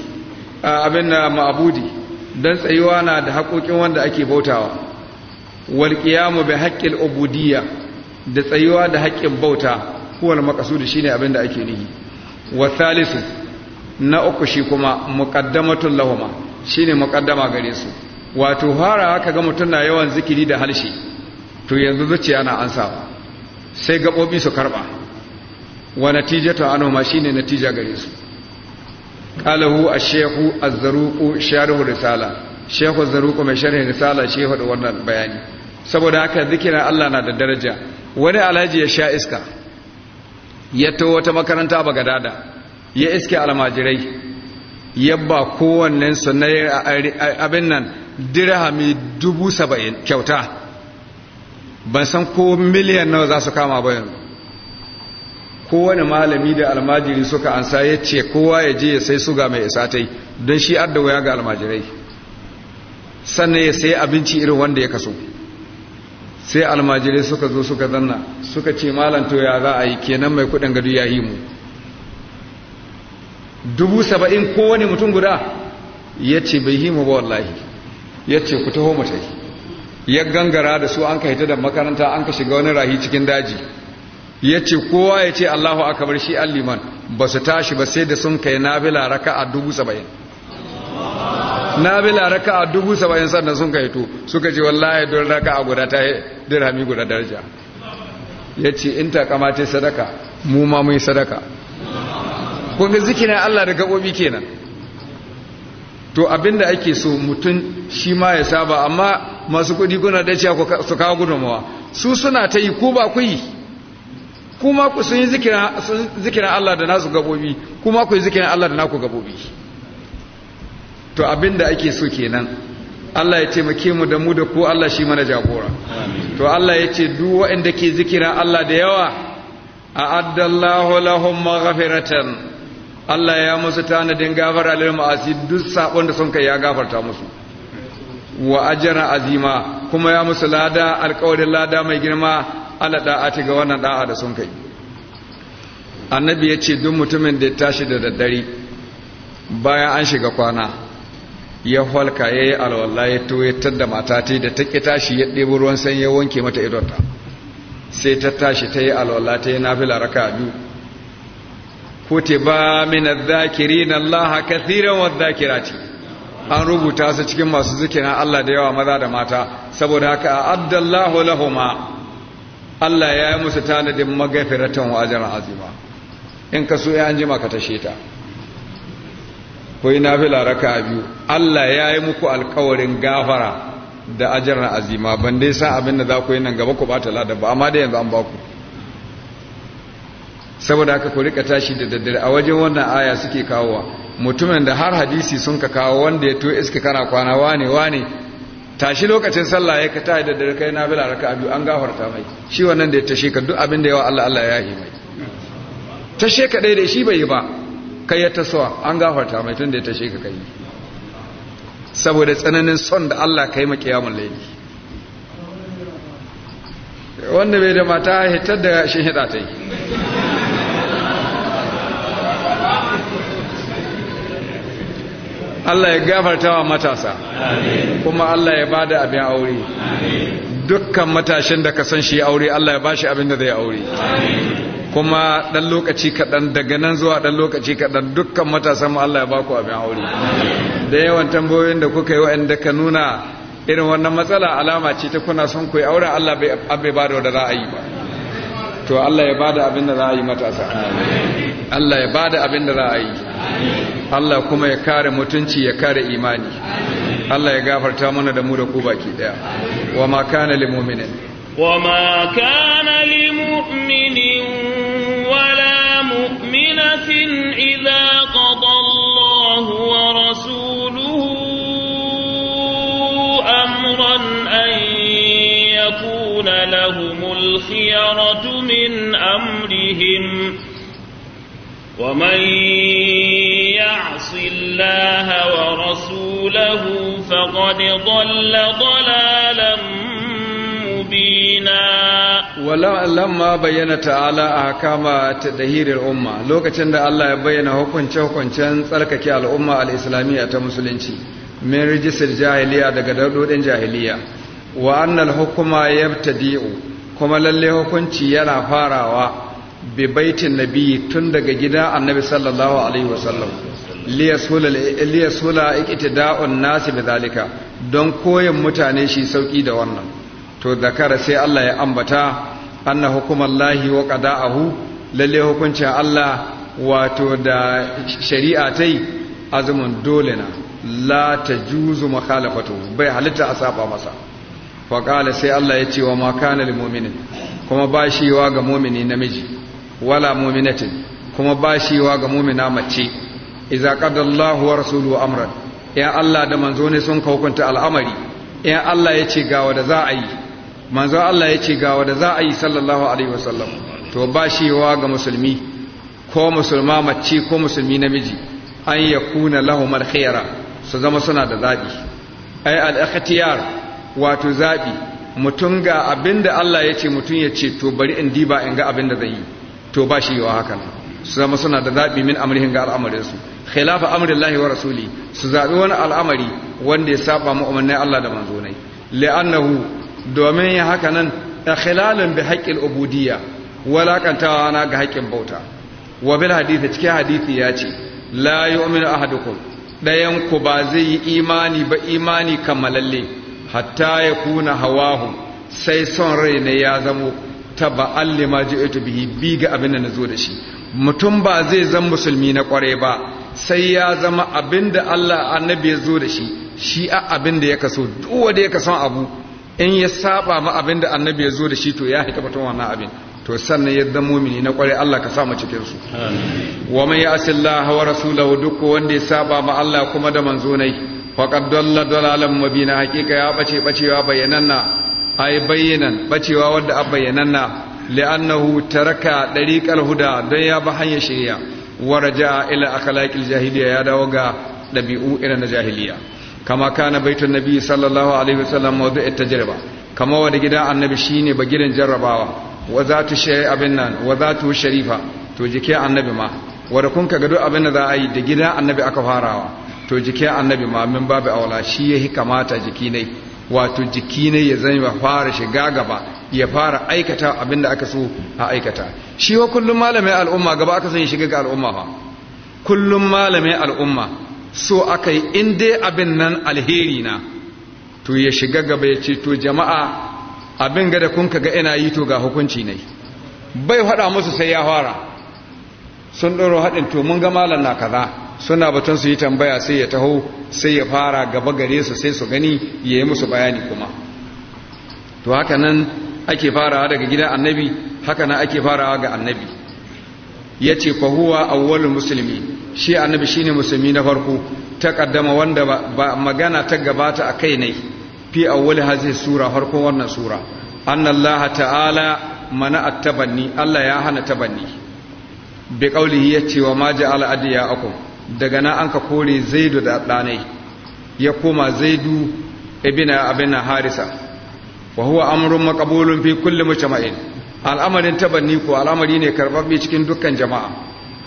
abin ma'abudi. Don tsayuwa na da haƙoƙin wanda ake bautawa wal qiyamu bi haqqil ubudiyya da tsayuwa da haƙƙin bauta huwal shi ne abin da ake nihi wa thalithu na uku shi kuma Lahoma shi ne muƙaddama gare su wato fara haka ga mutum na yawan zikiri da halshi to yanzu zuciya na ansa sai gaɓoɓi su karɓa. wa natija ta Ano ma shi ne natija gare su Ƙalahu a shehu a zaruku sharhu risala shehu zaruku mai sharhin risala shi da wannan bayani saboda haka zikirin Allah na da daraja wani alhaji ya sha iska ya to wata makaranta ba gadada ya iske almajirai yabba kowannen su na abin nan dirhami dubu saba'in kyauta ban san ko miliyan nawa za su kama ba yanzu kowane malami da almajiri suka ansa ya ce kowa ya je ya sai suga mai isatai don shi adda waya ga almajirai sannan ya sai abinci irin wanda ya kaso sai almajirai suka zo suka zanna suka ce malam ya za a yi kenan mai kudin gado ya yi mu dubu saba'in kowane mutum guda ya ce bai yi mu ba wallahi ya ce ku taho mu ya gangara da su an ka hita da makaranta an ka shiga wani rahi cikin daji ya ce kowa ya ce allahu bar shi alliman ba su tashi ba sai da sun kai nabila raka a dubu saba'in Na nafila raka a dubu saba'in sannan sun ka hito suka ce wallahi don raka a guda ta dirhami guda daraja ya ce in ta kamata sadaka mu ma mai sadaka kun ga zikirin Allah da gaɓoɓi kenan to abinda ake so mutum shi ma ya saba amma masu kuɗi guna da cewa su kawo gudunmawa su suna ta yi ko ba ku yi kuma ku sun yi zikirin Allah da nasu gaɓoɓi kuma ku yi zikirin Allah da naku gaɓoɓi to abin da ake so kenan Allah ya ce taimake mu da mu da ko Allah shi mana jagora to Allah ya ce duk waɗanda ke zikira Allah da yawa a addallahu lahum maghfiratan Allah ya musu tanadin gafara lil ma'asi duk sabon da sun kai ya gafarta musu wa ajra azima kuma ya musu lada alƙawarin lada mai girma da ati ga wannan da'a da sun kai annabi ya ce duk mutumin da ya tashi da daddare bayan an shiga kwana ya falka ya yi alwallah ya tuwetar da mata ta da ta ƙi tashi ya ɗebo ruwan sanyi ya wanke mata idonta sai ta tashi ta yi alwallah ta yi nafila raka biyu ba mina zakiri na laha kathiran wadh ce, an rubuta su cikin masu zikirin Allah da yawa maza da mata saboda haka addallahu lahoma Allah ya yi musu tanadin magafiratan wa ajiyar azima in ka so ya anjima ka tashe ta ko yi nafila raka biyu Allah ya yi muku alkawarin gafara da ajiyar azima ban dai sa abin da za ku yi nan gaba ku bata lada ba amma da yanzu an baku saboda haka ku rika tashi da daddare a wajen wannan aya suke kawowa mutumin da har hadisi sun ka kawo wanda ya to iska kana kwana wane wane tashi lokacin sallah ya ka tashi da daddare kai nafila raka biyu an gafarta mai shi wannan da ya tashe ka duk abin da yawa Allah Allah ya yi mai tashe ka dai da shi bai yi ba kai ya tasowa an gafarta mai tun da ya tashe ka kai saboda tsananin son da Allah kai makiyamun laili wanda bai da mata hitar da shi hida ta yi Allah ya gafarta wa matasa kuma Allah ya bada abin aure dukkan matashin da ka san shi aure Allah ya bashi abin da zai aure kuma ɗan lokaci kaɗan daga nan zuwa ɗan lokaci kaɗan dukkan matasan mu Allah ya ba ku abin aure da yawan tambayoyin da kuka yi wa'anda ka nuna irin wannan matsala alama ce ta kuna son ku yi auren Allah bai ba da wanda ra'ayi ba to Allah ya ba da abin da ra'ayi matasa Allah ya ba da abin da ra'ayi Allah kuma ya kare mutunci ya kare imani Allah ya gafarta mana da mu da ku baki daya wa ma kana lil mu'minin wa ma kana lil mu'minin ولا مؤمنة إذا قضى الله ورسوله أمرا أن يكون لهم الخيرة من أمرهم ومن يعص الله ورسوله فقد ضل ضلالا مبينا ولما بين تعالى احكام تدهير الامه لو كتند الله يبين حكم al'umma الامه الاسلاميه تا مسلمينتي من رجس الجاهلية دقدر الجاهلية وأن الحكم يبتدئ kuma lalle hukunci yana farawa bi baitin nabiyyi tun daga gida annabi sallallahu alaihi wasallam liyasula iqtida'un nasi bidhalika don koyan mutane shi sauki da wannan to zakara sai Allah ya ambata anna hukumallahi wa qada'ahu lalle hukuncin Allah wato da shari'a tai azumin dole na la tajuzu mukhalafatu bai halitta a saba masa fa qala sai Allah ya ce wa ma kana lil mu'minin kuma wa ga mu'mini namiji wala mu'minatin kuma wa ga mu'mina mace idza qadallahu wa rasuluhu amran ya Allah da manzo ne sun hukunta al'amari in Allah ya ce ga da za a yi manzo Allah ya ce ga wanda za a yi sallallahu alaihi wasallam to ba shi yawa ga musulmi ko musulma mace ko musulmi namiji an ya kuna lahumar khiyara su zama suna da zaɓi ai al'akhtiyar wato zaɓi mutum ga abinda Allah ya ce mutum ya ce to bari in diba in ga abinda zai yi to ba shi yawa hakan su zama suna da zaɓi min amrihin ga al'amarin al'amarinsu khilafa amrillahi wa rasuli su zaɓi wani al'amari wanda ya saba mu umarnin Allah da manzo manzonai li'annahu domin ya haka nan khilalin bi haƙƙin ubudiyya walakantawa na ga haƙƙin bauta wa bil hadithi cikin hadisi ya ce la yu'minu ahadukum dayan ku ba zai yi imani ba imani kamalalle hatta ya kuna hawahu sai son rai na ya zamo ta ma ji ji'tu bihi bi ga abin da na zo da shi mutum ba zai zan musulmi na kware ba sai ya zama abin da Allah annabi ya zo da shi shi a abin da ya kaso duk wanda ya kaso abu in ya saba ma abin da annabi ya zo da shi to ya haita batun wannan abin to sannan ya zama mumini na kware Allah ka sa mu cikin su wa man ya'sillahu wa rasulahu duk wanda ya saba ma Allah kuma da manzonai faqad dalla dalalan mubina hakika ya bace bacewa bayananna ai bayyanan bacewa wanda a bayananna li'annahu taraka dariqal huda dan ya ba hanyar shari'a waraja ila akhlaqil jahiliya ya dawo ga dabi'u irin na jahiliya kama kana baitun nabi sallallahu alaihi wasallam mawdu'it tajriba kama wanda gidan annabi shine ba gidan jarrabawa wa zatu shay abin nan wa zatu sharifa to jike annabi ma wanda kun ka gado abin da za a yi da gidan annabi aka farawa to jike annabi ma min babu aula shi yahi kamata jiki ne wato jiki ne ya zama fara shiga gaba ya fara aikata abin da aka so a aikata shi wa kullum malamin al'umma gaba aka son ya shiga ga al'umma fa kullum malamin al'umma so aka yi in dai abin nan alheri na to ya shiga gaba ya ce to jama'a abin gada da kun kaga ina yi to ga hukunci ne bai hada musu sai ya fara sun ɗoro haɗin to mun ga malam na kaza suna batun su yi tambaya sai ya taho sai ya fara gaba gare su sai su gani ya yi musu bayani kuma to haka nan ake farawa daga gidan annabi haka nan ake farawa ga annabi yace fa a awwalul musulmi shi annabi ne musulmi na farko ta kaddama wanda ba magana ta gabata a kai ne fi awwal hazi sura farko wannan sura annallaha ta'ala mana attabanni Allah ya hana tabanni bi ya ce wa al'adu ya adiyakum daga nan anka kore zaidu da danai ya koma zaidu ibn abin harisa wa huwa amrun maqbulun fi kulli mujtama'in al'amarin tabanni ko al'amari ne karbabbe cikin dukkan jama'a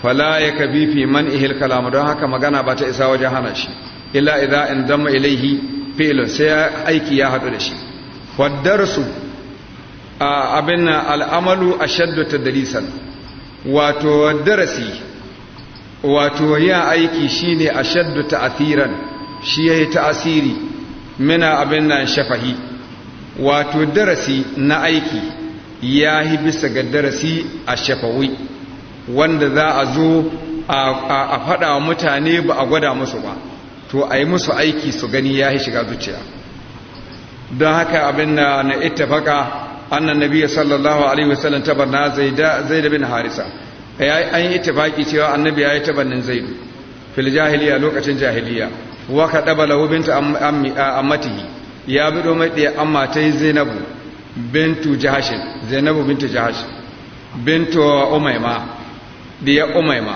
fala ya kabi fi man ihil kalamu don haka magana ba ta isa wajen hana shi illa idza in damma ilaihi filin. sai aiki ya hadu da shi waddarsu abin al'amalu ashaddu tadlisan wato darasi wato ya aiki shine ashaddu ta'thiran shi yayi ta'asiri mina abin nan shafahi wato darasi na aiki ya yi bisa ga darasi a shafawi wanda za a zo a faɗa mutane ba a gwada musu ba to a yi musu aiki su gani ya yi shiga zuciya don haka abin na na ittafaka annan nabi sallallahu alaihi wasallam zai da bin harisa an yi ita faki cewa annabi ya yi zai zaid fil jahiliya lokacin jahiliya wa ɗaba lahubinta a matihi ya bi bido mai ta yi zainabu bintu jahashin zainabu bintu jahashin bintu umaima diya umaima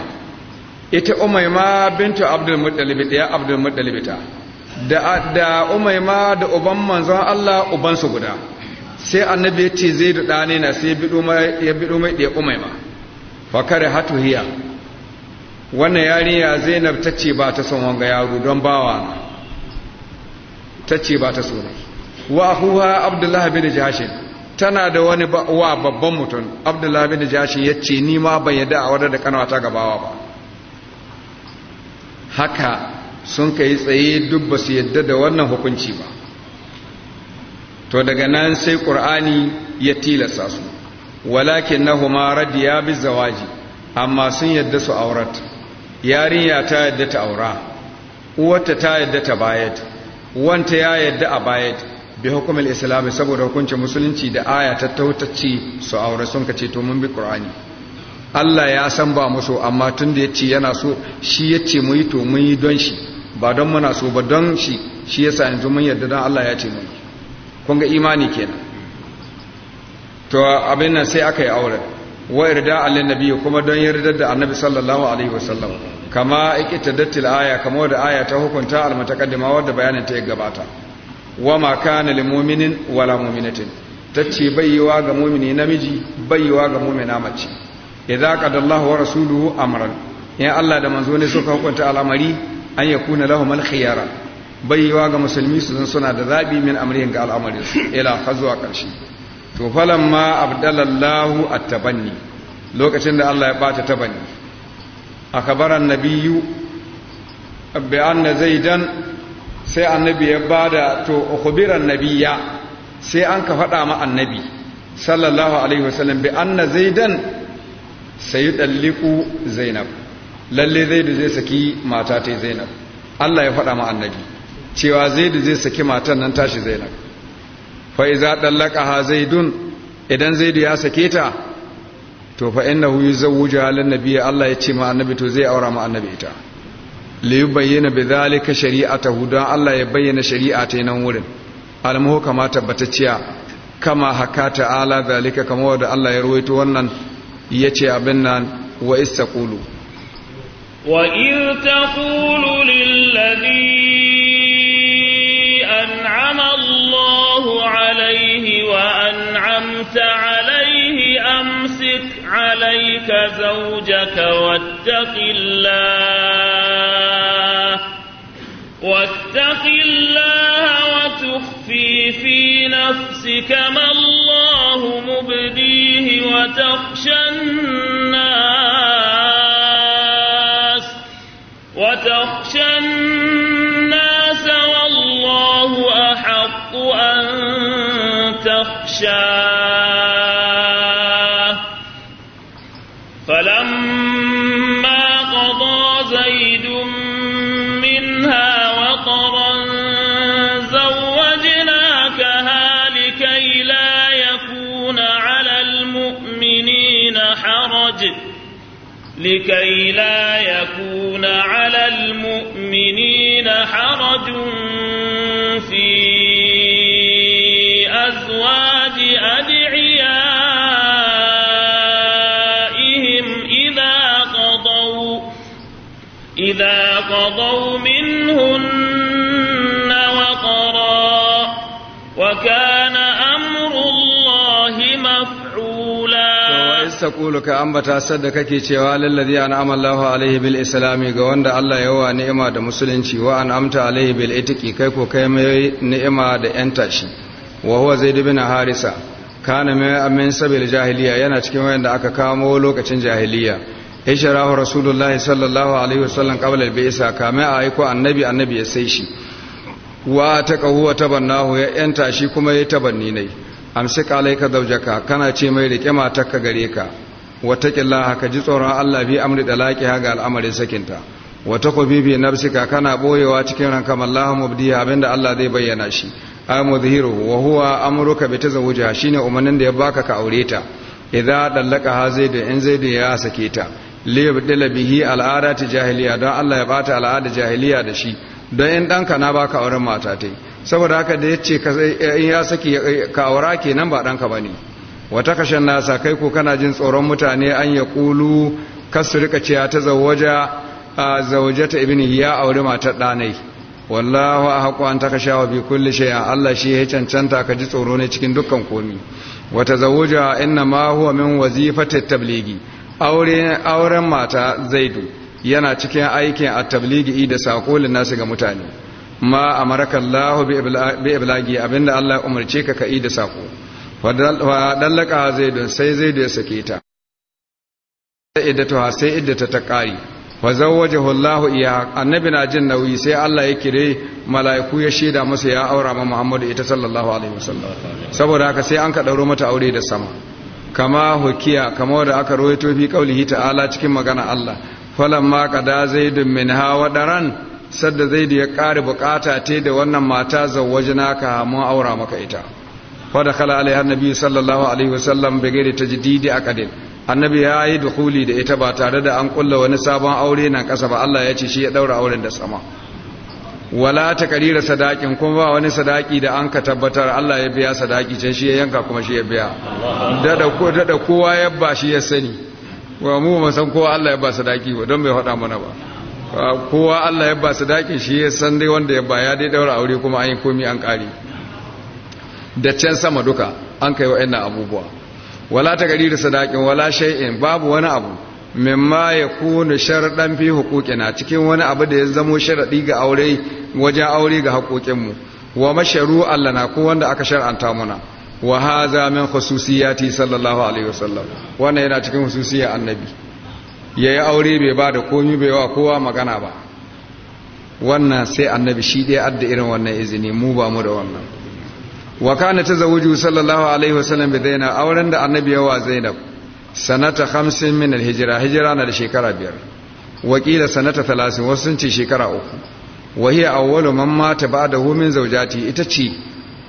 ita umaima bintu abdulmuttalib diya abdulmuttalib ta da da umaima da uban manzon Allah uban su guda sai annabi ya ce zai da ne na sai bidu mai ya bidu mai diya umaima fakare hatu hiya wannan yarinya Zainab tace ba ta son wanga yaro don bawa tace ba ta so ne wa huwa abdullah bin jashin tana da wani wa babban mutum abdullah bin jashin yace ni ma ban yadda a wadar da kanwata gabawa ba haka sun kai tsaye duk ba su yadda da wannan hukunci ba to daga nan sai qur'ani ya tilasta su walakin nahuma radiya bi zawaji amma sun yadda su aurat yarinya ta yadda ta aura uwarta ta yadda ta bayat wanta ya yadda a bayat bi hukumul islami saboda hukuncin musulunci da aya ta tautacci su aure sun ka ce to mun bi qur'ani Allah ya san ba mu so amma tun da yace yana so shi yace mu yi to mun yi don shi ba don muna so ba don shi shi yasa yanzu mun yarda dan Allah ya ce mu kun ga imani kenan to abin nan sai aka yi aure wa irda alannabi kuma don yarda da annabi sallallahu alaihi wasallam kama ikita dattil aya kama da aya ta hukunta almutaqaddima wadda bayanin ta ya gabata wa ma kana mu'minin wala mu'minatin tace bayyawa ga mu'mini namiji bayyawa ga mu'mina mace idza qadallahu wa rasuluhu amran ya Allah da manzo ne suka hukunta al'amari an yakuna lahum al khiyara bayyawa ga musulmi su suna da zabi min amrin ga al'amarin su ila hazuwa karshe to falamma abdalallahu at-tabanni lokacin da Allah ya bata tabanni akabaran nabiyyu bi anna zaidan sai annabi ya bada to ukhbiran nabiyya sai an ka faɗa ma annabi sallallahu alaihi wasallam bi anna zaidan sayudalliqu zainab lalle zaid zai saki mata ta zainab Allah ya faɗa ma annabi cewa zaid zai saki matan nan tashi zainab fa iza dallaqaha zaidun idan zaid ya sake ta to fa innahu yuzawwiju lan nabiyyi Allah ya ce ma annabi to zai aura ma annabi ita liyu bayyana bi zalika shari'atahu don Allah ya bayyana shari'a ta nan wurin almuhu kama tabbatacciya kama haka ta'ala zalika kama wanda Allah ya ruwaito wannan yace abin nan wa istaqulu wa in taqulu lilladhi an'ama Allahu alayhi wa an'amta alayhi amsik alayka zawjaka wattaqillah واتق الله وتخفي في نفسك ما الله مبديه وتخشى الناس وتخشى الناس والله أحق أن تخشاه لكي لا يكون على المؤمنين حرج في أزواج أدعيائهم إذا قضوا إذا قضوا منهن وطرا وكان taqulu ka ambata sadda kake cewa lallazi an'ama Allahu alaihi bil islami ga wanda Allah ya wa ni'ima da musulunci wa an'amta alaihi bil itiqi kai ko kai mai ni'ima da yanta shi wa huwa zaid ibn harisa kana mai amin sabil jahiliya yana cikin wanda aka kamo lokacin jahiliya isharahu rasulullahi sallallahu alaihi wasallam qabla al bi'sa kame a aiko annabi annabi ya sai shi wa ta wa tabannahu ya yanta shi kuma ya tabanni nai kalai ka daujaka kana ce mai rike matarka gare ka killa ka ji tsoron Allah bi amri ha ga al'amarin sakinta wata ku bibi nafsika kana boyewa cikin ranka mallahu mubdiya abinda Allah zai bayyana shi ay mudhiru wa huwa amruka bi tazawuja shine umarnin da ya baka ka aure ta idza zai da in zai da ya sake ta yubdila bihi al'adati jahiliya dan Allah ya bata al'ada jahiliya da shi don in danka na baka auren mata tai saboda haka da ya ce eh, in ya saki eh, ka aura kenan ba ɗanka ba ne wata kashen nasa kai ko kana jin tsoron mutane an ya kulu kasu rika ciya ta zawaja a zawajata ibini ya auri matar ɗanai wallahu a haƙo an taka shawa bi shi a Allah shi ya cancanta ka ji tsoro ne cikin dukkan komi wata zawaja ina ma huwa min wazifati tabligi auren mata zaidu yana cikin aikin a tabligi da sako nasu ga mutane ma amaraka Allah bi iblagi abinda Allah umarce ka ka'i da sako wa dallaka don sai da ya sake ta ha sai idda ta kari wa zawwajahu Allah iya annabi na jin nauyi sai Allah ya kire mala'iku ya shaida masa ya aura ma Muhammadu ita sallallahu alaihi wasallam saboda haka sai an ka dauro mata aure da sama kama hukiya kama da aka rawaito fi qaulihi ta'ala cikin magana Allah falamma qada zaidun minha hawa daran sadda zai da ya ƙari bukata te da wannan mata zawwajina ka mun aura maka ita wadda kala alaiha annabi sallallahu alaihi wasallam bai da ta ji didi a kadin annabi ya yi dukuli da ita ba tare da an kulla wani sabon aure nan ƙasa ba Allah ya ce shi ya daura auren da sama wala ta karira sadakin kuma ba wani sadaki da an ka tabbatar Allah ya biya sadaki can shi ya yanka kuma shi ya biya dada dada kowa ya ba shi ya sani wa mu ba san kowa Allah ya ba sadaki ba don bai faɗa mana ba kowa Allah ya ba su dakin shi ya san dai wanda ya baya ya dai daura aure kuma an yi komi an kare da can sama duka an kai wa'annan abubuwa wala ta gari da sadakin wala shay'in babu wani abu mimma ya kuna sharaɗan fi hukukina cikin wani abu da ya zamo sharaɗi ga aure wajen aure ga hakokinmu wa masharu na ko wanda aka shar'anta muna wa haza min khususiyati sallallahu alaihi wasallam wannan yana cikin hususiyar annabi ya yi aure bai ba da komi bai wa kowa magana ba wannan sai annabi shi dai adda irin wannan izini mu ba mu da wannan wa kana zawuju sallallahu alaihi wasallam bi daina auren da annabi wa zainab sanata 50 min alhijra hijra na da shekara biyar wakila sanata 30 wasu sun ce shekara uku wa hiya awwalu man mata hu min zawjati ita ce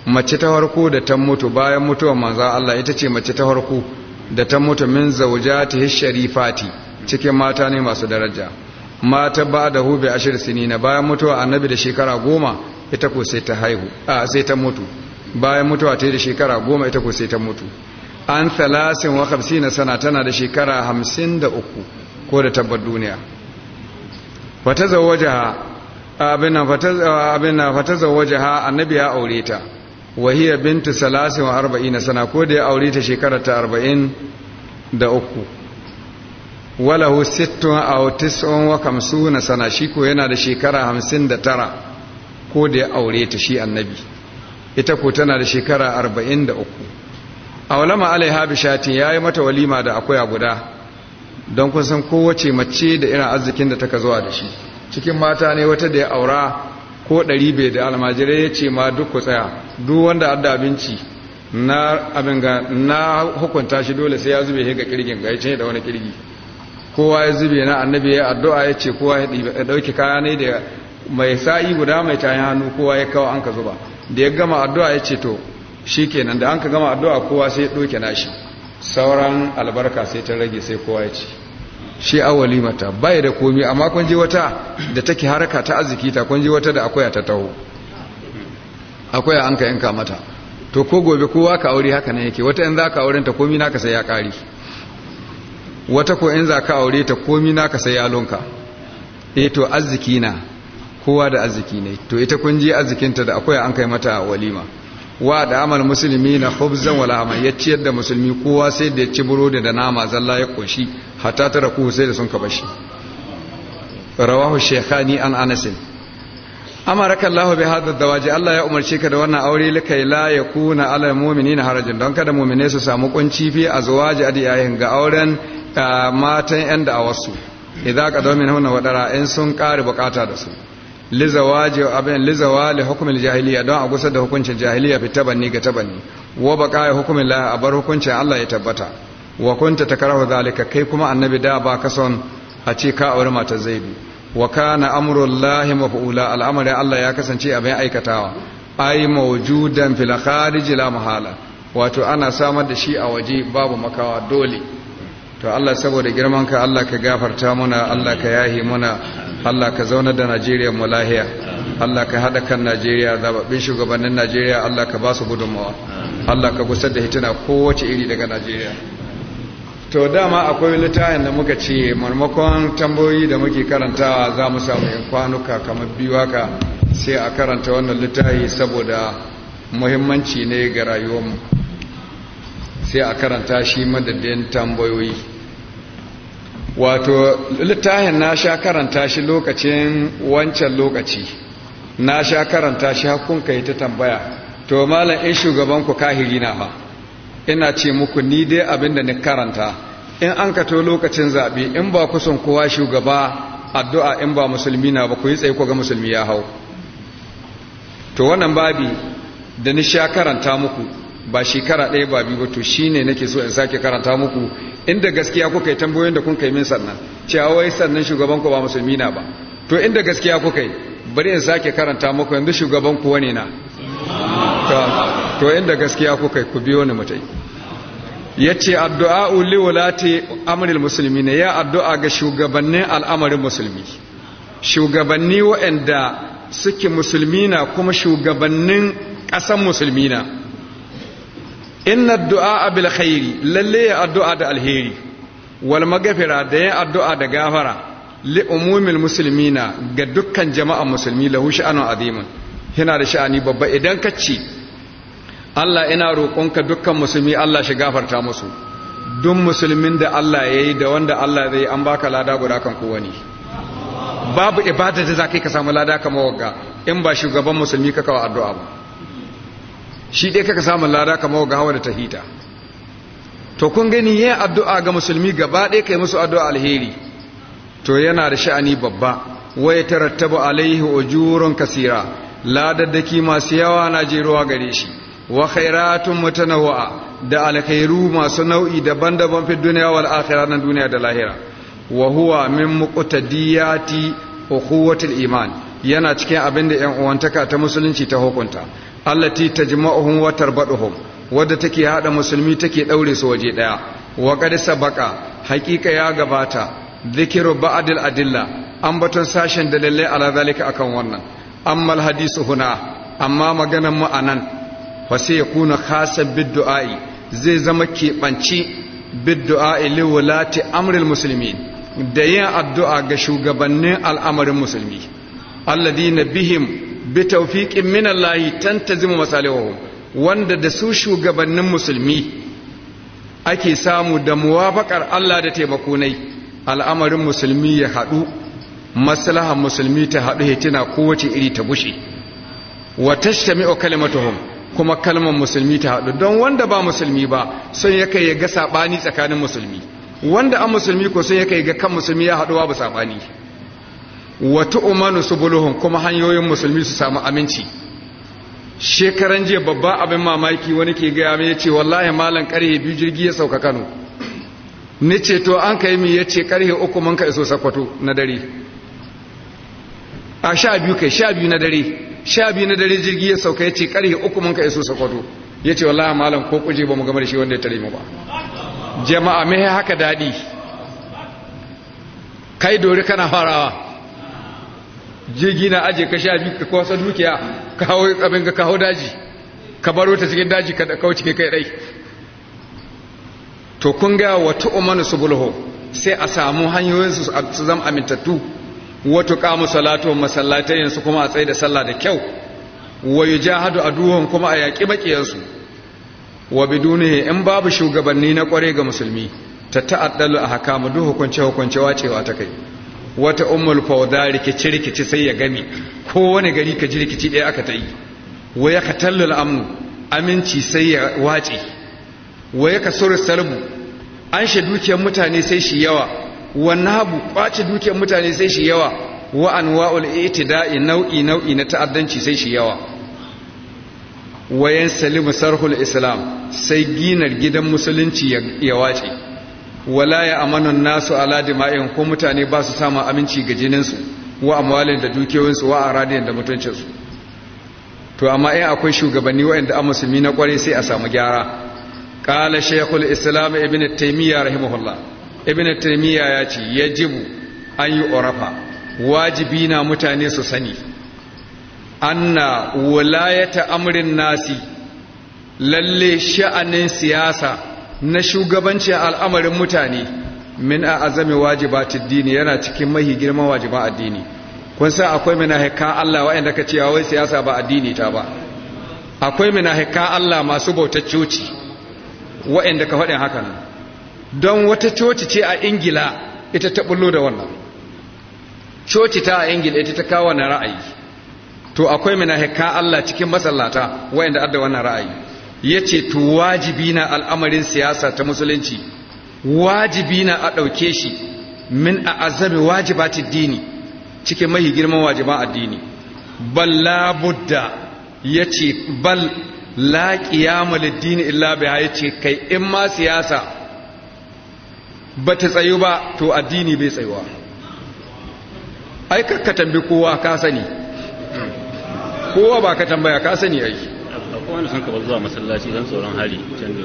mace ta farko da ta mutu bayan mutuwar manzo Allah ita ce mace ta farko da ta mutu min zawjati sharifati cikin mata ne masu daraja mata ba da hube ashir sinina bayan mutuwa annabi da shekara goma ita ko sai ta haihu a sai ta mutu bayan mutuwa ta da shekara goma ita ko sai ta mutu an thalasin wa na sana tana da shekara hamsin da uku ko da tabbar duniya fata zawaja abin nan fata abin nan fata zawaja annabi ya aure ta Wahiyar bintu salasin wa na sana ko da ya aure ta shekara ta arba'in da uku walahu sittun aw tis'un wa kamsuna sana shi ko yana da shekara hamsin da tara ko da ya aure ta shi annabi ita ko tana da shekara arba'in da uku aulama alaiha bishati ya yi mata walima da akwai guda don kusan kowace mace da irin arzikin da taka zuwa da shi cikin mata ne wata da ya aura ko ɗari bai da almajirai ya ce ma duk ku tsaya duk wanda adda abinci na hukunta shi dole sai ya zube ga kirgin ga ya da wani kirgi kowa ya zube na annabi ya addu'a ya ce kowa ya ɗauki kaya ne da mai sa'i guda mai tayin hannu kowa ya kawo an ka zuba da ya gama addu'a ya ce to shi kenan da an ka gama addu'a kowa sai ya ɗauke nashi sauran albarka sai ta rage sai kowa ya ce shi awali mata bai da komi amma kun je wata da take haraka ta arziki ta kun je wata da akwai ta taho akwai an ka yanka mata to ko gobe kowa ka aure haka ne yake wata in za ka auren ta komi naka sai ya kare. wata ko in za ka aure ta komi naka sai yalonka eh to arziki na kowa da arziki ne to ita kun ji arzikinta da akwai an kai mata walima wa da amal musulmi na khubzan wala amal ya ciyar da musulmi kowa sai da ya ci burodi da nama zalla ya koshi hatta ta raku sai da sun kabashi. shi rawahu shaykhani an anas amaraka allah bi hadha dawaji allah ya umarce ka da wannan aure likai la yakuna ala mu'minina harajin don kada mu'mine su samu kunci fi azwaji adiyahin ga auren matan yan da'awarsu idan ka domin wadara in sun ƙari bukata da su lizawaji abin lizawali hukumin jahiliya don a gusa da hukuncin jahiliya fi tabanni ga tabanni wa baqa'i hukumin la a bar hukuncin Allah ya tabbata wa kunta takrahu zalika kai kuma annabi da ba ka son a ce ka auri matar zai wa kana amrullahi maf'ula al'amari Allah ya kasance abin aikatawa ai mawjudan fil kharij la mahala wato ana samar da shi a waje babu makawa dole to Allah saboda girman ka Allah ka gafarta muna Allah ka yahi muna Allah ka zauna da Najeriya mu lahiya Allah ka hada kan Najeriya zababbin shugabannin Najeriya Allah ka ba su gudunmawa Allah ka gusar da hituna kowace iri daga Najeriya to dama akwai littafin da muka ce marmakon tambayoyi da muke karantawa za mu samu yan kwanuka kamar biyu sai a karanta wannan littafi saboda muhimmanci ne ga rayuwarmu sai a karanta shi madadin tambayoyi wato littafin na sha karanta shi lokacin wancan lokaci na sha karanta shi hakun ka yi ta tambaya to malam in shugaban ku kahiri na fa ina ce muku ni dai abinda ni karanta in an kato lokacin zaɓe in ba ku son kowa shugaba addu'a in ba musulmi na ba ku yi tsaye ku ga musulmi ya hau to wannan babi da ni sha karanta muku ba shekara ɗaya ba biyu ba to shine nake so in sake karanta muku inda gaskiya kuka yi tambayoyin da kun kai min sannan cewa wai sannan shugaban ku ba musulmi na ba to inda gaskiya kuka yi bari in sake karanta muku yanzu shugaban ku wani na to inda gaskiya kuka yi ku biyo ni mutai ya ce addu'a uli wulati amril musulmi ya addu'a ga shugabannin al'amarin musulmi shugabanni wa'anda suke musulmi na kuma shugabannin ƙasan musulmi na inna du'a bil khairi lalle addu'a da alheri wal magafira da ya addu'a da gafara li umumil muslimina ga dukkan jama'a musulmi lahu sha'anu azimun yana da sha'ani babba idan ka ce Allah ina roƙonka dukkan musulmi Allah shi gafarta musu duk muslimin da Allah ya yi da wanda Allah zai an baka lada guda kan kowani babu ibada da zakai ka samu lada kamar wagga in ba shugaban musulmi ka kawo addu'a ba shi dai kaka samun lada kamar ga hawa da tahita to kun gani yin addu'a ga musulmi gaba ɗaya kai musu addu'a alheri to yana da sha'ani babba waya rattaba alaihi ujurun kasira ladaddaki masu yawa na jeruwa gare shi wa khairatun mutanawwa da alkhairu masu nau'i daban-daban fi duniya wal akhirah nan duniya da lahira wa huwa min muqtadiyati uquwatil iman yana cikin abin da ƴan uwantaka ta musulunci ta hukunta allati tajma'uhum wa tarbaduhum wadda take hada musulmi take daure su waje daya wa qad sabaqa haqiqa ya gabata dhikru ba'd al adilla ambaton sashen dalilai ala zalika akan wannan amma al hadisu huna amma maganan mu anan fa sai yakuna khasan bid du'a'i zai zama kebanci bid du'a'i li wulati amril muslimin da yin addu'a ga shugabannin al'amarin musulmi alladina bihim bi tawfiqin min Allah tantazimu masalihum wanda da su shugabannin musulmi ake samu da muwafaqar Allah da taimako nai al'amarin musulmi ya hadu maslahar musulmi ta hadu hitina kowace iri ta bushe wa tashtami'u kalimatuhum kuma kalmar musulmi ta hadu don wanda ba musulmi ba sun yake ya ga sabani tsakanin musulmi wanda an musulmi ko sun yake ga kan musulmi ya hadu ba sabani wa su buluhun kuma hanyoyin musulmi su samu aminci shekaran jiya babba abin mamaki wani ke gaya mai ce wallahi malam karhe biyu jirgi ya sauka Kano ni ce to an kai ya ce karhe uku mun ka iso sakwato na dare a sha biyu kai sha biyu na dare sha biyu na dare jirgi ya sauka ya ce karhe uku mun ka iso Ya ce wallahi malam ko kuje ba mu gama da shi wanda ya tare mu ba jama'a mai haka daɗi. kai dori kana farawa jirgi na aje ka sha biyu ka kwasa dukiya ka hau abin ka kawo daji ka baro ta cikin daji ka kawo cikin kai dai to kun ga wata umanu subulhu sai a samu hanyoyin su su zama amintattu wato kamu salatu masallatai su kuma a tsaye da sallah da kyau wa a duhun kuma a yaki bakiyansu wa bidunihi in babu shugabanni na kware ga musulmi ta ta'addalu a hakamu duk hukunce hukunce wacewa ta kai wata umul fawda rikici rikici sai ya gami wani gari ka ji rikici ɗaya aka ta yi wa ya katallul amnu aminci sai ya wace wa ya kasur salbu an shi dukiyar mutane sai shi yawa wa nabu kwace dukiyar mutane sai shi yawa wa anwa'ul itida'i nau'i nau'i na ta'addanci sai shi yawa wayan salimu sarhul islam sai ginar gidan musulunci ya wace wala ya amanu nasu ala dima'in ko mutane ba su samun aminci ga jininsu wa amwalin da dukiyoyinsu wa aradiyan da mutuncinsu to amma in akwai shugabanni waɗanda a musulmi na kware sai a samu gyara qala shaykhul islam ibn taymiyyah rahimahullah ibn taymiyyah ya ce yajibu an yi orafa wajibi na mutane su sani anna walayata amrin nasi lalle sha'anin siyasa na shugabanci al'amarin mutane min a azami ta dini yana cikin mahi girman wajiba addini kun sa akwai munafikan Allah waɗanda ka cewa wai siyasa ba addini ta ba akwai munafikan Allah masu bautar coci waɗanda ka faɗin hakan don wata coci ce a Ingila ita ta bullo da wannan coci ta a Ingila ita ta kawo na ra'ayi to akwai munafikan Allah cikin masallata waɗanda adda wannan ra'ayi ya ce to wajibi na al'amarin siyasa ta musulunci wajibi na a ɗauke shi min a azami wajibatin dini cikin mahi girman wajiban addini bal labudda ya ce bal la ƙiyama dini illa biya ya ce kai in ma siyasa ba ta tsayu ba to addini bai tsayuwa ai ka tambi kowa ka sani kowa ba ka tambaya ka sani aiki wani an kaba zuwa masallaci don tsoron hari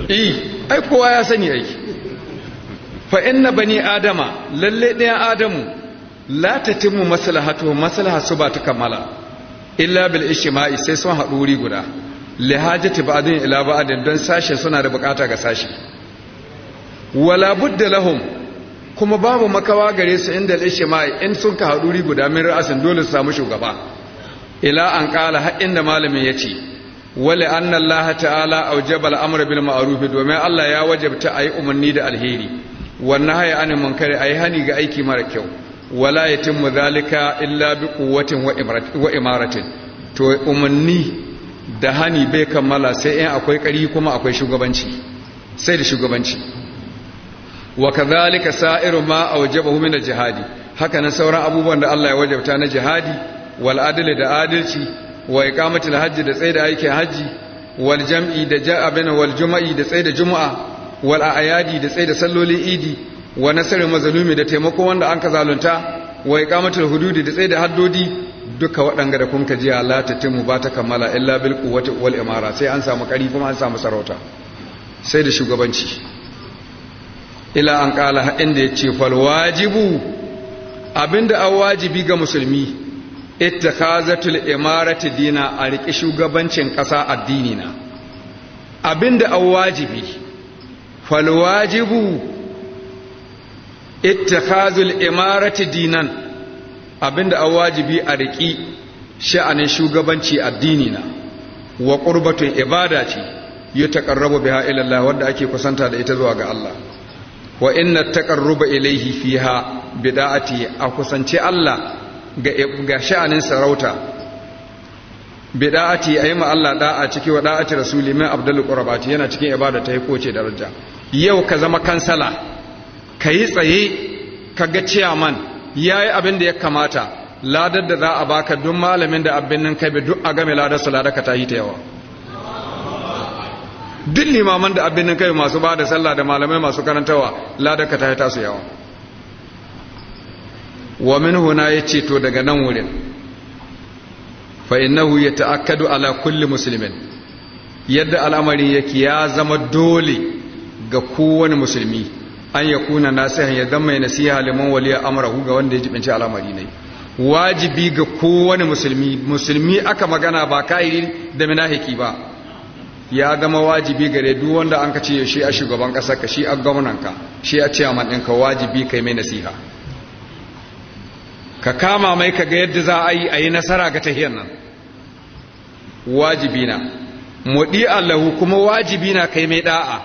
eh, ai kowa ya sani ai fa inna bani adama lalle ɗayan adamu la tatimu maslahatu maslaha su ba ta kammala illa bil ishma'i sai sun haɗu wuri guda li hajati ba'din ila ba'din don sashe suna da bukata ga sashe wala budda lahum kuma babu makawa gare su inda al-ishma'i in sun ka haɗu wuri guda min ra'asin dole su samu shugaba ila an kala har inda malamin ya ce wale annan laha ta'ala aujaba al'amr bil ma'arufi domin Allah ya wajabta yi umarni da alheri wannan haya an munkari ayi hani ga aiki mara kyau wala ya mu zalika illa bi kuwatin wa imaratin to umarni da hani bai kammala sai in akwai kari kuma akwai shugabanci sai da shugabanci wa kadhalika sa'iru ma aujabahu min jihadi haka nan sauran abubuwan da Allah ya wajabta na jihadi wal da adalci wa iqamatul hajji da tsaida aikin haji wal jam'i da ja'a bin wal juma'i da tsaida juma'a wal ayadi da tsaida sallolin idi wa nasrul mazlumi da taimako wanda an ka zalunta wa iqamatul hududi da tsaida haddodi duka waɗanga da kunka kaji Allah ta timu ba ta kammala illa bil quwwati wal imara sai an samu kari kuma an samu sarauta sai da shugabanci ila an kala inda yace fal wajibu abinda an wajibi ga musulmi ittikhazatul imarati dina a riƙe shugabancin ƙasa addini na abinda an wajibi fal wajibu imarati dinan abinda an wajibi a riƙi sha'anin shugabanci addini na wa ƙurbatun ibada ce yutaqarrabu biha ila Allah wanda ake kusanta da ita zuwa ga Allah wa inna taqarruba ilaihi fiha bid'ati a kusance Allah ga sha'anin sarauta bai da'ati ayi ma Allah da'a ciki wa da'ati rasuli min abdul qurbati yana cikin ibada ta yako daraja yau ka zama kansala ka yi tsaye ka ga chairman yayi abin da ya kamata ladar da za a baka duk malamin da abin nan kai duk a game ladar su ka ta yi ta yawa duk limaman da abin nan kai masu ba da sallah da malamai masu karantawa ladar ka ta yi ta su yawa wa min huna ce to daga nan wurin fa innahu yata'akkadu ala kulli muslimin yadda al'amarin yake ya zama dole ga kowane musulmi an ya kuna nasihan ya zama mai nasiha liman waliya amrahu ga wanda ya jibinci al'amari ne wajibi ga kowane musulmi musulmi aka magana ba kairi da minahiki ba ya zama wajibi gare duk wanda an ka ce shi a shugaban ƙasar ka shi a gwamnanka shi a ciyaman ɗinka wajibi kai mai nasiha ka kama mai ka ga yadda za a yi a yi nasara ga tahiyar nan wajibi na muɗi allahu kuma wajibi na kai mai da'a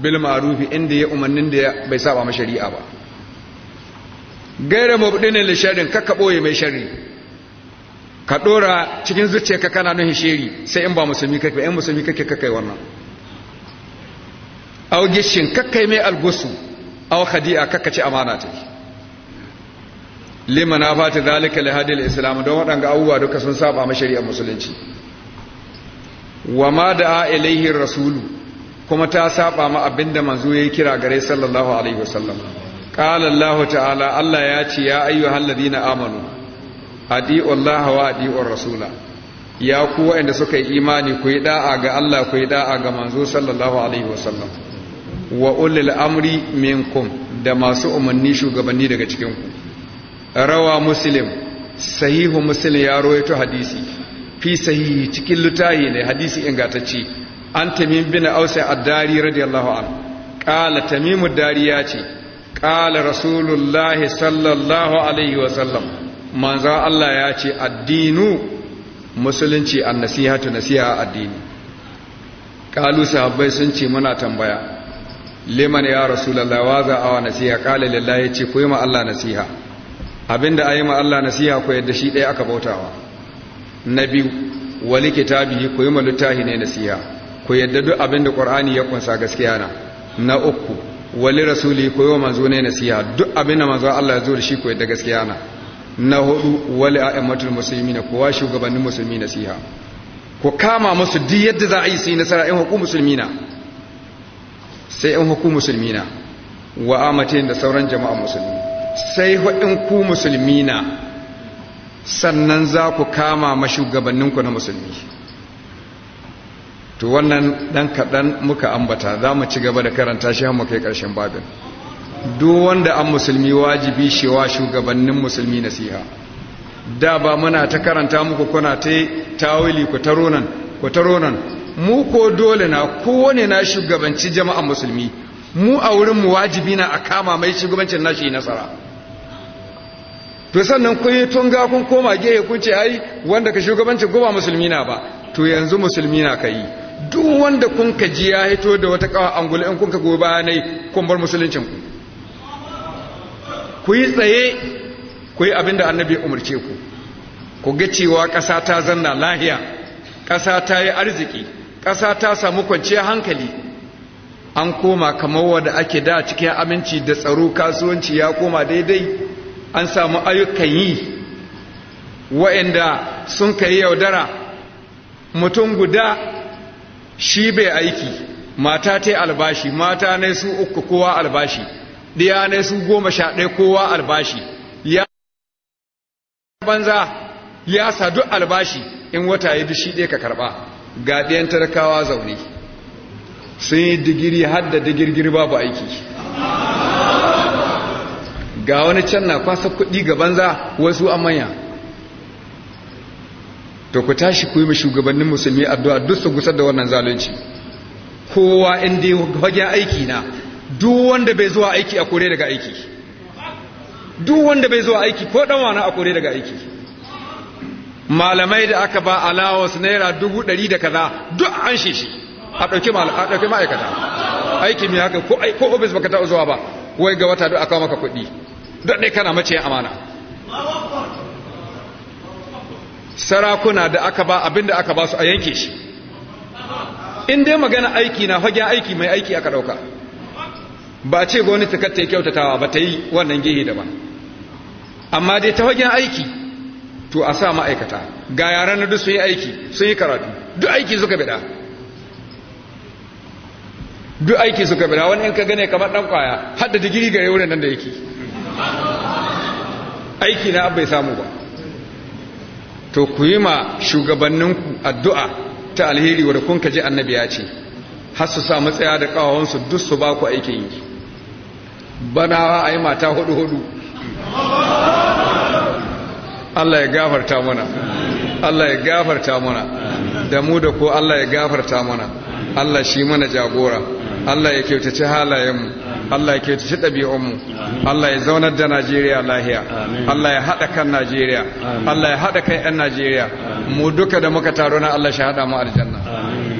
bil ma'rufi inda ya umarnin da bai saba ma shari'a ba gaira mabdinin li sharrin ka ka boye mai sharri ka ɗora cikin zuciya ka kana nuhin shiri sai in ba musulmi kake ba in musulmi kake kakai wannan au gishin kakai mai algusu au khadi'a kakkaci amana take Lima na fata zalika hadil islam don waɗanga abubuwa duka sun saba ma shari'ar musulunci wa ma da'a ilaihi rasulu kuma ta saba ma abinda manzo yayi kira gare sallallahu alaihi wasallam qala allah ta'ala allah ya ce ya ayyuhal ladina amanu adi'u allah wa adi'u rasula ya ku wanda suka yi imani ku yi da'a ga allah ku yi da'a ga manzo sallallahu alaihi wasallam wa ulil amri minkum da masu umarni shugabanni daga cikinku rawa muslim sahihu muslim ya rawaito hadisi fi sahihi cikin lutayi ne hadisi ingantacce an tamim bin aus ad-dari radiyallahu an qala tamim ad-dari ya ce qala rasulullah sallallahu alaihi wa sallam manzo Allah ya ce addinu musulunci an-nasihatu nasiha addini qalu sahabbai sun ce muna tambaya liman ya rasulullah wa za wa nasiha qala lillahi ce ku yi ma Allah nasiha abinda ayi ma Allah nasiha ku yadda shi ɗaya aka bautawa na biyu wali kitabi ku yi ma littahi ne nasiha ku yadda duk abinda ƙwar'ani ya kunsa gaskiya na na uku wali rasuli ku yi wa manzo ne nasiha duk abinda manzo Allah ya zo da shi ku yadda gaskiya na na hudu wali a musulmi na kowa shugabannin musulmi nasiha ku kama musu duk yadda za a yi su yi nasara in musulmi na sai in hukum musulmina wa amatin da sauran jama'a musulmi sai haɗin ku musulmi na sannan za ku kama mashugabanninku na musulmi to wannan dan kaɗan muka ambata za mu ci gaba da karanta shi hannu kai ƙarshen babin duk wanda an musulmi wajibi shewa shugabannin musulmi nasiha da ba muna ta karanta muku kuna ta tawili ku taronan ku taronan mu ko dole na kowane na shugabanci jama'an musulmi mu a wurinmu wajibi na a kama mai shugabancin nashi nasara to sannan kun yi tunga kun koma gehe kun ce ai wanda ka shugabancin goma musulmi na ba to yanzu musulmi na ka yi duk wanda kun ka ji ya hito da wata kawa angula in kun ka goyi bayanai kun bar musuluncin ku ku yi tsaye ku yi abin da annabi umarce ku ku ga cewa ƙasa ta zanna lahiya ƙasa ta yi arziki ƙasa ta samu kwanciyar hankali an koma kamar wadda ake da cikin aminci da tsaro kasuwanci ya koma daidai an samu ayyukan yi wa'inda sun kai yaudara mutum guda shi bai aiki mata ta albashi mata ne su uku kowa albashi ɗiya ne su goma sha ɗaya kowa albashi ya banza ya sadu albashi in wata ya dushi ɗaya ka karɓa ga ɗiyan tarkawa zaune sun yi digiri har da digirgir babu aiki ga wani can na kwasa kuɗi ga banza wasu an manya to ku tashi ku yi mu shugabannin musulmi addu'a duk su gusar da wannan zalunci kowa in dai wajen aiki na duk wanda bai zuwa aiki a kore daga aiki duk wanda bai zuwa aiki ko dan wani a kore daga aiki malamai da aka ba allowance naira dubu ɗari da kaza duk an shi shi a ɗauki ma'aikata aiki mai haka ko ofis baka ta zuwa ba wai ga wata duk aka maka kuɗi don ne kana mace amana sarakuna da aka ba abinda aka ba su a yanke shi in dai magana aiki na fagen aiki mai aiki aka ɗauka ba ce gwamnati ta yi kyautatawa ba ta yi wannan gehe daban amma dai ta fagen aiki to a sa ma'aikata ga yaran na duk sun yi aiki sun yi karatu duk aiki suka bida duk aiki suka bida wani in ka gane kamar dan kwaya har da digiri ga wurin nan da yake aiki na bai samu ba to ku yi ma shugabanninku addu'a ta alheri wadda kun kaji annabi ya ce har su sa matsaya da kawawansu duk su ba ku aikin yi bana a yi mata hudu-hudu Allah ya gafarta mana Allah ya gafarta mana da mu da ku Allah ya gafarta mana Allah shi mana jagora Allah ya kyautace halayenmu Allah ya kyautaci ɗabi'unmu Allah ya zaunar da Najeriya lahiya Allah ya haɗa kan Najeriya Allah ya haɗa kan 'yan Najeriya mu duka da muka taro na Allah shahada mu aljanna